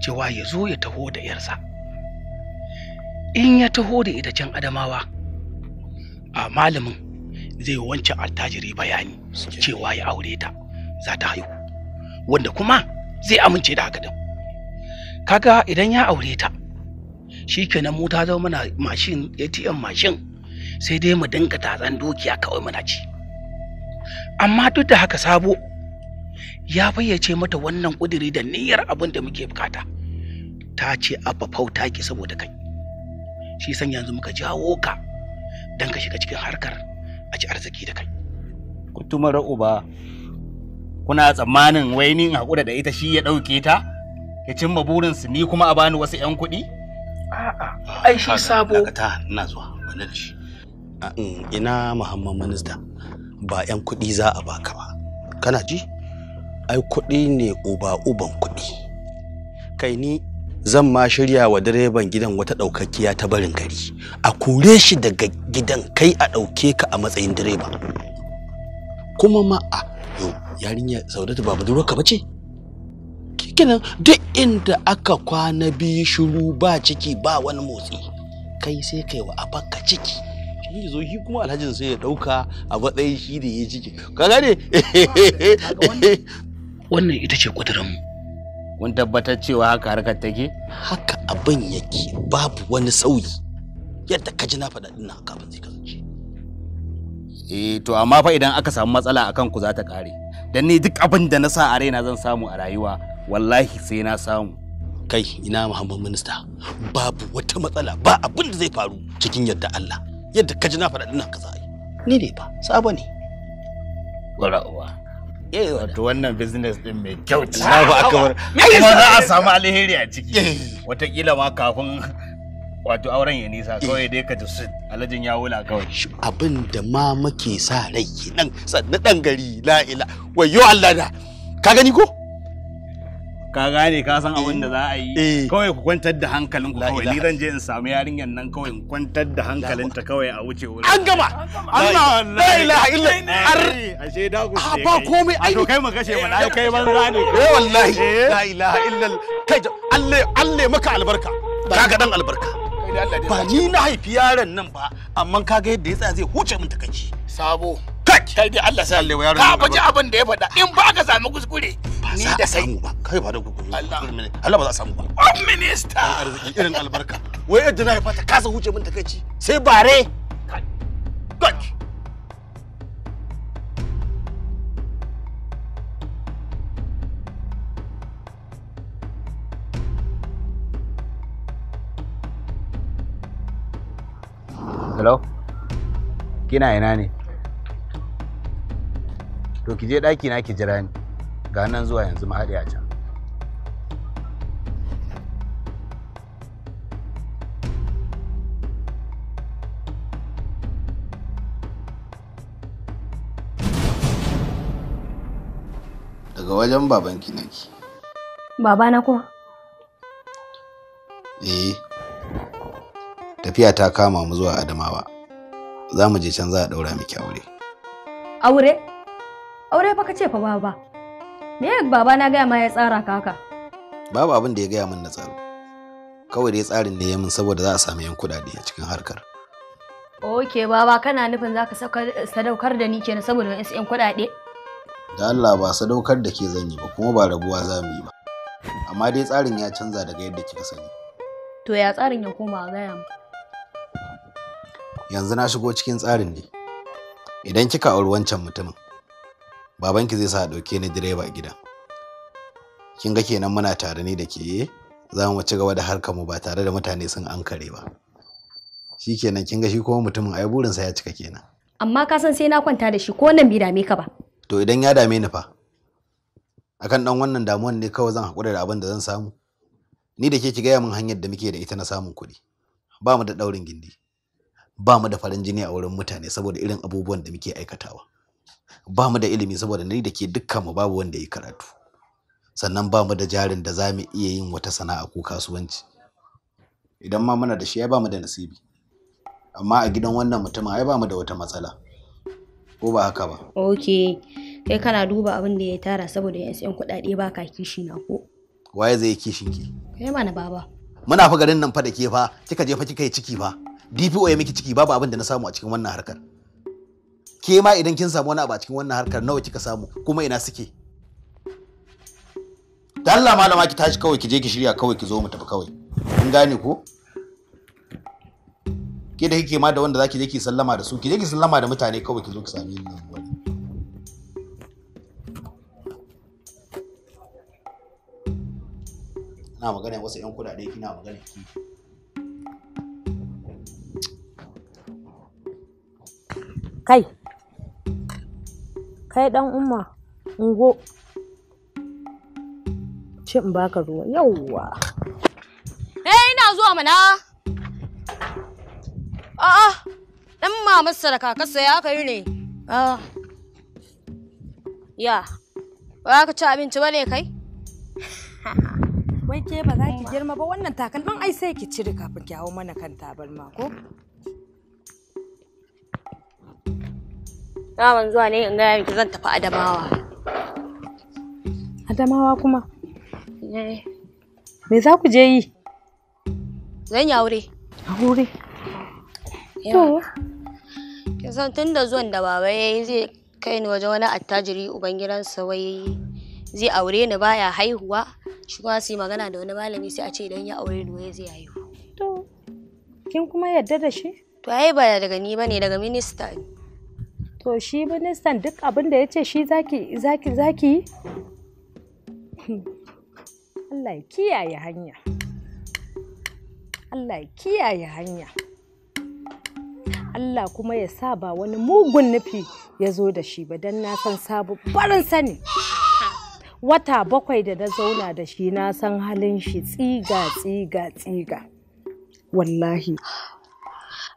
Speaker 1: cewa ya zo ya taho da yarsa in ya taho da ita can adamawa a malamin zai wancan attajiri bayani cewa ya aure ta za ta haihu wanda kuma zai amince da haka din kaga idan ya aure ta shikenan mu ta zama mana mashin ATM mashin sai dai mu dinga tatsan dukiya kawai muna ci amma duk da haka sabo ya fayyace mata wannan ƙudiri da niyyar abin da muke bukata ta ce abba fauta ki saboda kai shi san yanzu muka jawo ka don ka shiga cikin harkar a ci arziki da kai kutumar uba kuna tsammanin wai ni in haƙura da ita shi ya ɗauke ta ya cimma burinsu ni kuma a bani wasu 'yan kuɗi? A'a, ai shi sabo. Dakata, ina zuwa, bana da shi. Mm, ina Muhammad Minista, ba 'yan kuɗi za a baka ba. Kana ji? Ai kuɗi ne uba uban kuɗi. Kai ni zan ma shirya wa direban gidan wata ɗaukakkiya ta barin gari. A kure shi daga gidan kai a ɗauke ka a matsayin direba. Kuma ma'a to yarinya saudatu ba budurwarka bace ce duk inda aka kwana biyu shiru ba ciki ba wani motsi kai sai kai wa ka ciki shi zo shi kuma alhajin sai ya dauka a matsayin shi da ya ciki ka gane wannan ita ce mu kun tabbatar cewa haka harkar take haka abin yake babu wani sauyi yadda ka ji na faɗa ɗin nan kafin zai eh to amma fa idan aka samu matsala akan ku za ta kare dan ni duk abin da na sa a raina zan samu a rayuwa wallahi sai na samu kai ina muhammad minista babu wata matsala ba abin da zai faru cikin yadda Allah yadda ka ji na faɗa dinnan ka za yi ni ne ba sabo ne wala uwa eh wato wannan business din mai kyau ce na ba za a samu alheri a ciki kila eh. ma kafin wato auren ya nisa eh. kawai dai ka tafi alajin ya wula kawai abin da ma muke sa rai kenan sannan dan gari la ila wayo Allah da ka gani ko ka gane ka san abin da za a yi eh. kawai ku kwantar da hankalin ku kawai ni zan je in samu yarinyar nan kawai in kwantar da hankalinta kawai a wuce wurin an gama Allah la ilaha illa ar eh, ashe da ku ce ah, ba komai ai to kai mu kashe mu na kai ban zani eh wallahi la ilaha illa kai Allah Allah maka albarka ga dan albarka ba ni na haifi yaron nan ba amma ga yadda ya tsaya zai huce min takaici sabo kai dai Allah sai Allah yaron ka baji abin da ya faɗa in ba ka samu kuskure ni da sai ba kai ba da kuskure Allah ba za a samu ba on minister arziki irin albarka wai yadda na haifa ta kasa huce min takaici sai bare kai hello kina ina ne to ki je ɗaki na ki jira ni ga nan zuwa yanzu ma haɗe a can daga wajen babanki nake
Speaker 2: babana kuma
Speaker 1: eh tafiya ta kama mu zuwa adamawa za mu je can za a ɗaura miki aure
Speaker 2: aure aure fa ce fa baba me ya baba na gaya ma ya tsara kaka
Speaker 1: babu abin da ya gaya min na tsaro kawai dai tsarin da ya min saboda za a samu yan kuɗaɗe a cikin harkar
Speaker 2: ok baba kana nufin za ka sadaukar da ni kenan saboda su yan kuɗaɗe
Speaker 1: da Allah ba sadaukar da ke zan yi ba kuma ba rabuwa za mu yi ba amma dai tsarin ya canza daga yadda kika sani
Speaker 2: to ya tsarin ya koma gaya mu
Speaker 1: yanzu na shigo cikin tsarin ne idan kika auri wancan mutumin babanki zai sa ɗauke ni direba a gida kin ga kenan muna tare ne da ke eh? za mu ci gaba da harkar mu ba tare da mutane sun ankare ba shi kenan kin ga shi kuma mutumin ai burinsa ya cika kenan
Speaker 2: amma ka san sai na kwanta da shi ko nan bai dame ka ba
Speaker 1: to idan ya dame ni fa akan dan wannan damuwan ne kawai zan haƙura da abin da zan samu ni da ke ki gaya min hanyar da muke da ita na samun kuɗi ba mu da ɗaurin gindi ba mu da farin jini a wurin mutane saboda irin abubuwan da muke aikatawa ba mu da ilimi saboda ni da ke dukkan mu babu wanda ya karatu sannan ba mu da jarin da za mu iya yin wata sana'a ko kasuwanci idan ma muna da shi ya ba mu da nasibi amma a gidan wannan mutumin ai ba mu da wata matsala ko ba haka ba
Speaker 2: ok kai kana duba abin da ya tara saboda ya yan kuɗaɗe ba ka kishi na ko
Speaker 1: waye zai kishin ki
Speaker 2: kai mana baba
Speaker 1: muna fa garin nan fa da ke fa kika je fa kika yi ciki fa DPO ya miki ciki babu abin da na samu a cikin wannan harkar ke ma idan kin samu wani abu a cikin wannan harkar nawa kika samu kuma ina suke da Allah malama ki tashi kawai ki je ki shirya kawai ki zo mu tafi kawai Kun gane ko ke da kike ma da wanda zaki je ki sallama da su ki je ki sallama da mutane kawai ki zo ki same ni na magana wasu yan kudade kina magana ki
Speaker 3: kai kai dan umma ungo ce in baka ruwa yawwa
Speaker 2: eh ina zuwa mana a'a dan mamar saraka kasa ya kai ne a ah. ya ba ka ci abinci ba ne kai
Speaker 3: wai ke ba za ki girma ba wannan takan dan ai sai ki cire kafin ki hawo mana kan tabarma ko
Speaker 2: Naman zuwa ne in gaya miki zan tafi Adamawa.
Speaker 3: Adamawa kuma? Eh. Me za ku je yi? Zan yi aure. Aure?
Speaker 2: To. Kin san tun da zuwan da baba ya yi zai kai ni wajen wani attajiri ubangidansa wai zai aure ni baya haihuwa. Shi kuma su yi magana da wani malami sai a ce idan ya aure ni wai zai haihu. To. Kin kuma yarda da shi? To ai ba daga ni bane daga minista ne. to shi ministan duk abin da ya ce shi
Speaker 3: zaki zaki zaki Allah ya kiyaye hanya Allah ya kiyaye hanya Allah kuma ya sa ba wani mugun nufi ya zo da shi ba don na san sabu barin sani wata bakwai da na zauna da shi na san halin shi
Speaker 2: tsiga tsiga tsiga
Speaker 3: wallahi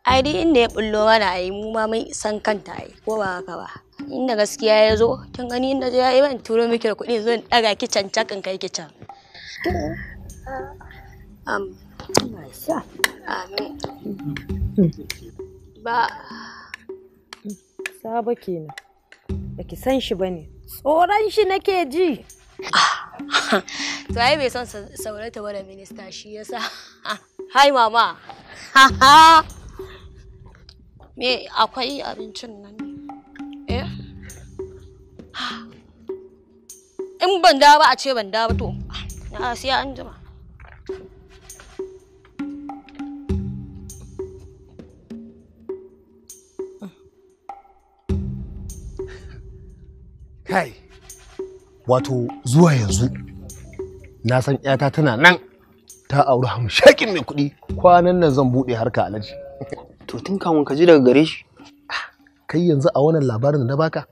Speaker 2: ID duk inda ya bullo mana ai mu ma mun san kanta ai ko ba haka ba inda gaskiya ya zo kin gani inda ya yi ban turo miki da kuɗi zan daga ki kan kai ki can am
Speaker 3: ba saba kenan da ki san shi bane
Speaker 2: tsoron shi nake ji to ai bai san saurata wani minista shi yasa hai mama ha ha Me akwai abincin nan Eh? In ban da ba a ce ban da ba to, na ah, sai an jima.
Speaker 1: Kai, wato zuwa yanzu, na san ‘yata tana nan ta auri hamshakin mai kuɗi kwanan nan zan buɗe harka alaji. To tun kawun ka ji daga gare shi. Kai yanzu a wannan labarin da na baka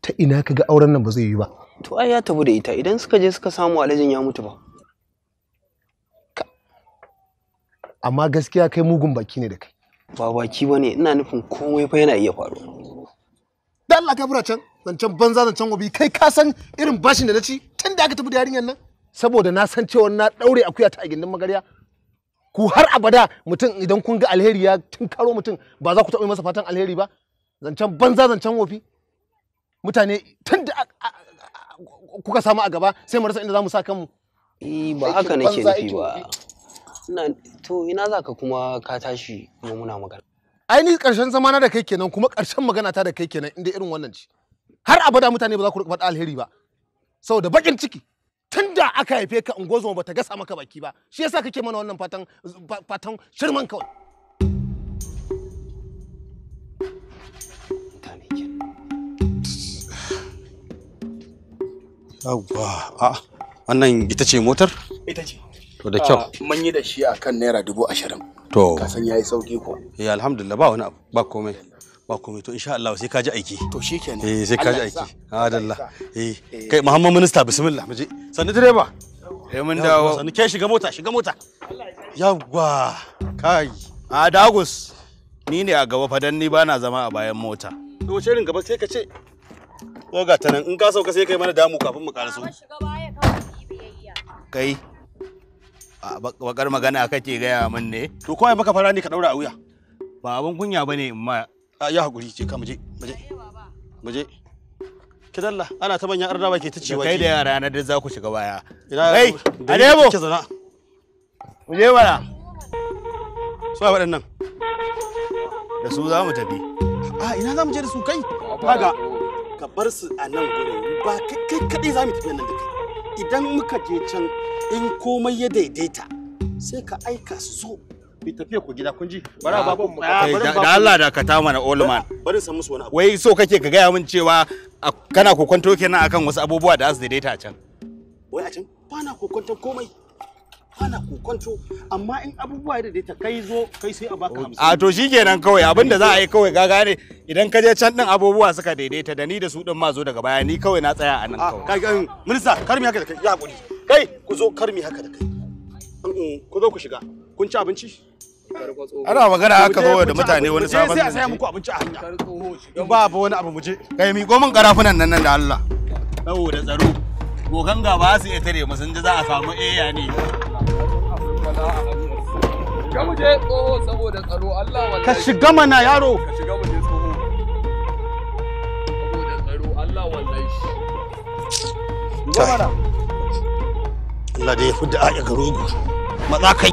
Speaker 1: ta ina ka auren nan ba zai yi ba. To ai ya tabu da ita idan suka je suka samu alajin ya mutu ba. Amma gaskiya kai mugun baki ne da kai. Ba baki ba ne ina nufin komai fa yana iya faru Da Allah ka can zancen banza zancen wabi kai ka san irin bashin da na ci tun da aka tafi da yarinyar nan. Saboda na san cewa na daure akuya ta a gindin magarya ku har abada mutum idan kun ga alheri ya tunkaro mutum ba za ku taɓa masa fatan alheri ba zancen banza zancen wofi mutane tun da kuka samu a gaba sai mu rasa inda za mu sa kanmu eh ba haka nake nufi ba to ina za ka kuma ka tashi kuma muna magana ni karshen zamana da kai kenan kuma karshen magana ta da kai kenan inda irin wannan ci. har abada mutane ba za ku faɗa alheri ba saboda bakin ciki tun da aka haife ka ungozo ba ta gasa maka baki ba shi yasa kake mana wannan fatan fatan shirman kawai yawwa a wannan ita ce motar ita ce to da kyau ah, mun yi da shi a kan naira dubu ashirin to ka san yayi sauki ko eh alhamdulillah ba wani abu ba komai ba komai to insha Allah sai ka ji aiki to shikenan eh sai ka ji aiki adalla eh, eh kai muhammad minista bismillah muje sanni direba eh mun dawo sanni ke shiga mota shiga mota yawa kai a dagus ni ne a gaba fa dan ni bana zama a bayan mota to shirin gaba sai ka ce ko ga ta nan in ka sauka sai kai mana damu kafin mu karasu kai bakar magana kake gaya min ne to ai baka fara ne ka daura a wuya ba abin kunya bane in ma ya hakuri je ka muje muje muje ki dalla ana ta manyan arna ke ta cewa kai da yara na da za ku shiga baya kai alebo ki zana muje bana su waɗannan da su za mu tafi a ina za mu je da su kai kaga ka bar su a nan gurin ba kai kadai za mu tafi nan da kai idan muka je can in komai ya daidaita sai ka aika su zo tafiya ku gida Da Allah da ka mana Wai so kake ka gaya min cewa kana kokonto kenan akan wasu abubuwa da a can. ba ana kokonto amma in abubuwa da ta kai sai a baka A to shi kawai abinda za a yi kawai gaga ne idan ka je abubuwa suka daidaita da ni da su din ma zo daga baya ni kawai na tsaya a nan ah, kawai. Kai kun ci abinci ana magana haka zo da mutane wani sabon sai a saya muku abinci a hanya in ba ba wani abu muje kai mi gomin karafunan nan nan da Allah da tsaro gogan ba su etare mu sun ji za a samu eya ne
Speaker 2: ka mu tsoho saboda tsaro Allah wallahi ka shiga mana yaro
Speaker 1: ka shiga mu je tsoho saboda tsaro Allah wallahi Allah dai ya fudda a ya garo matsa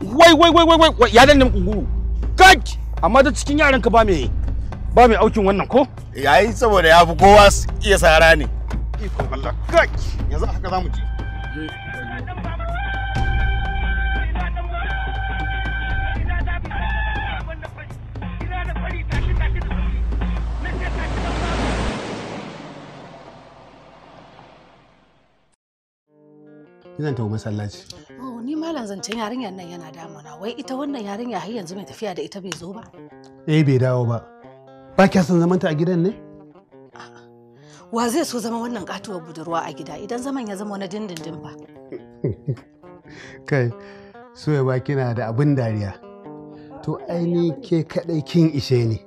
Speaker 1: wai wai wai wai wai ya danne kunguru kai amma da cikin yaran ka ba me ba me aukin wannan ko yayi saboda ya fi kowa iya sara ne iko Allah kai yanzu haka zamu je Zan tafi masallaci.
Speaker 3: Oh. malam zancen yarinyar nan yana damuna wai ita wannan yarinya har yanzu mai tafiya da ita bai zo ba
Speaker 1: eh bai dawo ba ba kya son zamanta a gidan ne
Speaker 3: wa zai so zama wannan katuwar budurwa a gida idan zaman ya zama wani dindindin ba.
Speaker 1: kai soya ba kina da abin dariya to aini ke kadai kin ishe ni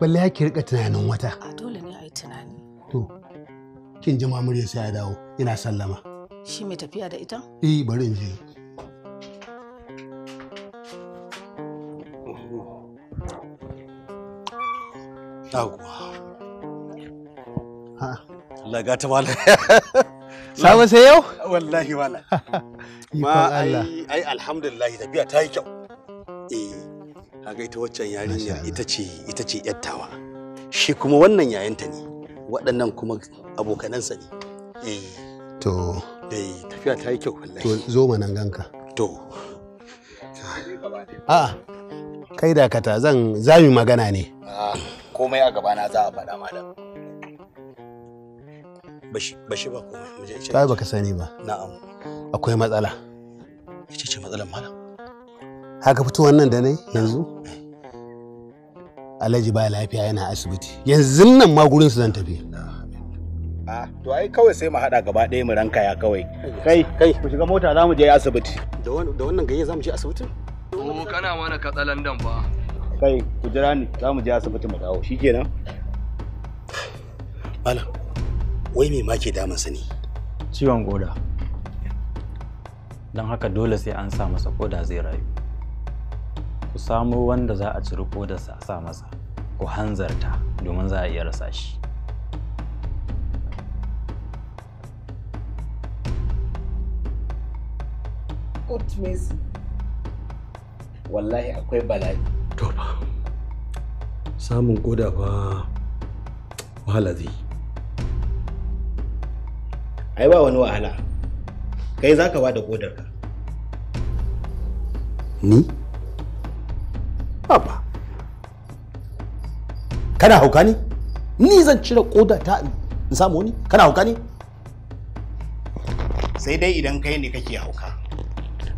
Speaker 1: balle ya ki rika tunanin wata a
Speaker 3: dole ne a yi tunani
Speaker 1: to kin ji mamuriya sai ya dawo ina sallama
Speaker 3: shi mai tafiya da ita
Speaker 1: eh bari in je taguwa Allah ga ta mala sabon sai yau wallahi wala ma ai ai tafiya ta yi kyau eh kaga ita waccan yarinyar ita ce ita ce yattawa shi kuma wannan yayanta ne waɗannan kuma abokanansa ne eh to eh tafiya ta yi kyau wallahi to zo mu nan ganka to a'a kai dakata zan zami magana ne ah. komai a na za a faɗa malam bashi ba komai mu je kai baka sani ba na'am akwai matsala Ce ce matsalar malam haka fito wannan da nai yanzu Alhaji ba lafiya yana asibiti yanzu nan ma gurin su zan tafi ah, to ai kawai sai mu hada gaba ɗaya mu ranka ya kawai kai kai ku shiga mota za mu je asibiti da wannan gayya za mu je asibitin to oh, kana mana katsalandan ba. kai ku jira ni za mu je asibiti mu dawo shikenan malam wai me ma ke damun sa ne ciwon koda don haka dole sai an sa masa koda zai rayu ku samo wanda za a ciri kodarsa a sa masa ku hanzarta domin za a iya rasa shi Wallahi akwai bala'i. to fa samun koda fa wahala zai ai ba wani wahala kai za ka ba da kodarka ni Baba. Kana hauka ne? Ni zan cire koda ta in samu ni? Kana hauka ne? Sai dai idan kai ne kake hauka.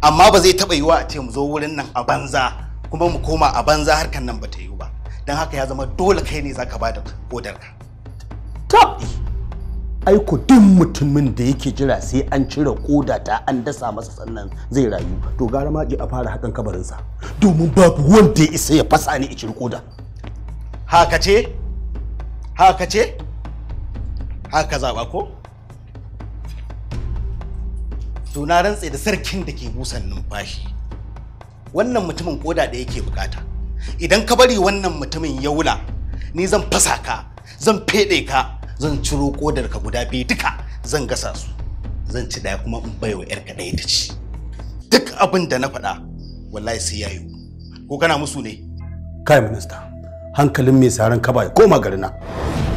Speaker 1: Amma ba zai taɓa yiwa a ce mu zo wurin nan a banza kuma mu koma a banza harkan nan ba ta yiwu ba don haka ya zama dole kai ne zaka bada kodar ka tabi aiko duk mutumin da yake jira sai an cire koda ta an dasa masa sannan zai rayu to gara ma a fara hakan kabarinsa domin babu wanda ya isa ya fasa ni cire koda haka ce haka ce haka zaba ko to na rantse da sarkin da ke busan numfashi wannan mutumin koda da yake bukata idan ka bari wannan mutumin ya wula ni zan fasa ka zan fede ka zan ciro kodar ka guda biyu duka zan gasa su zan ci daya kuma in baiwa yar ka ta ci duk abin da na faɗa wallahi sai yayi ko kana musu ne kai minista hankalin mai saran kaba ya koma garina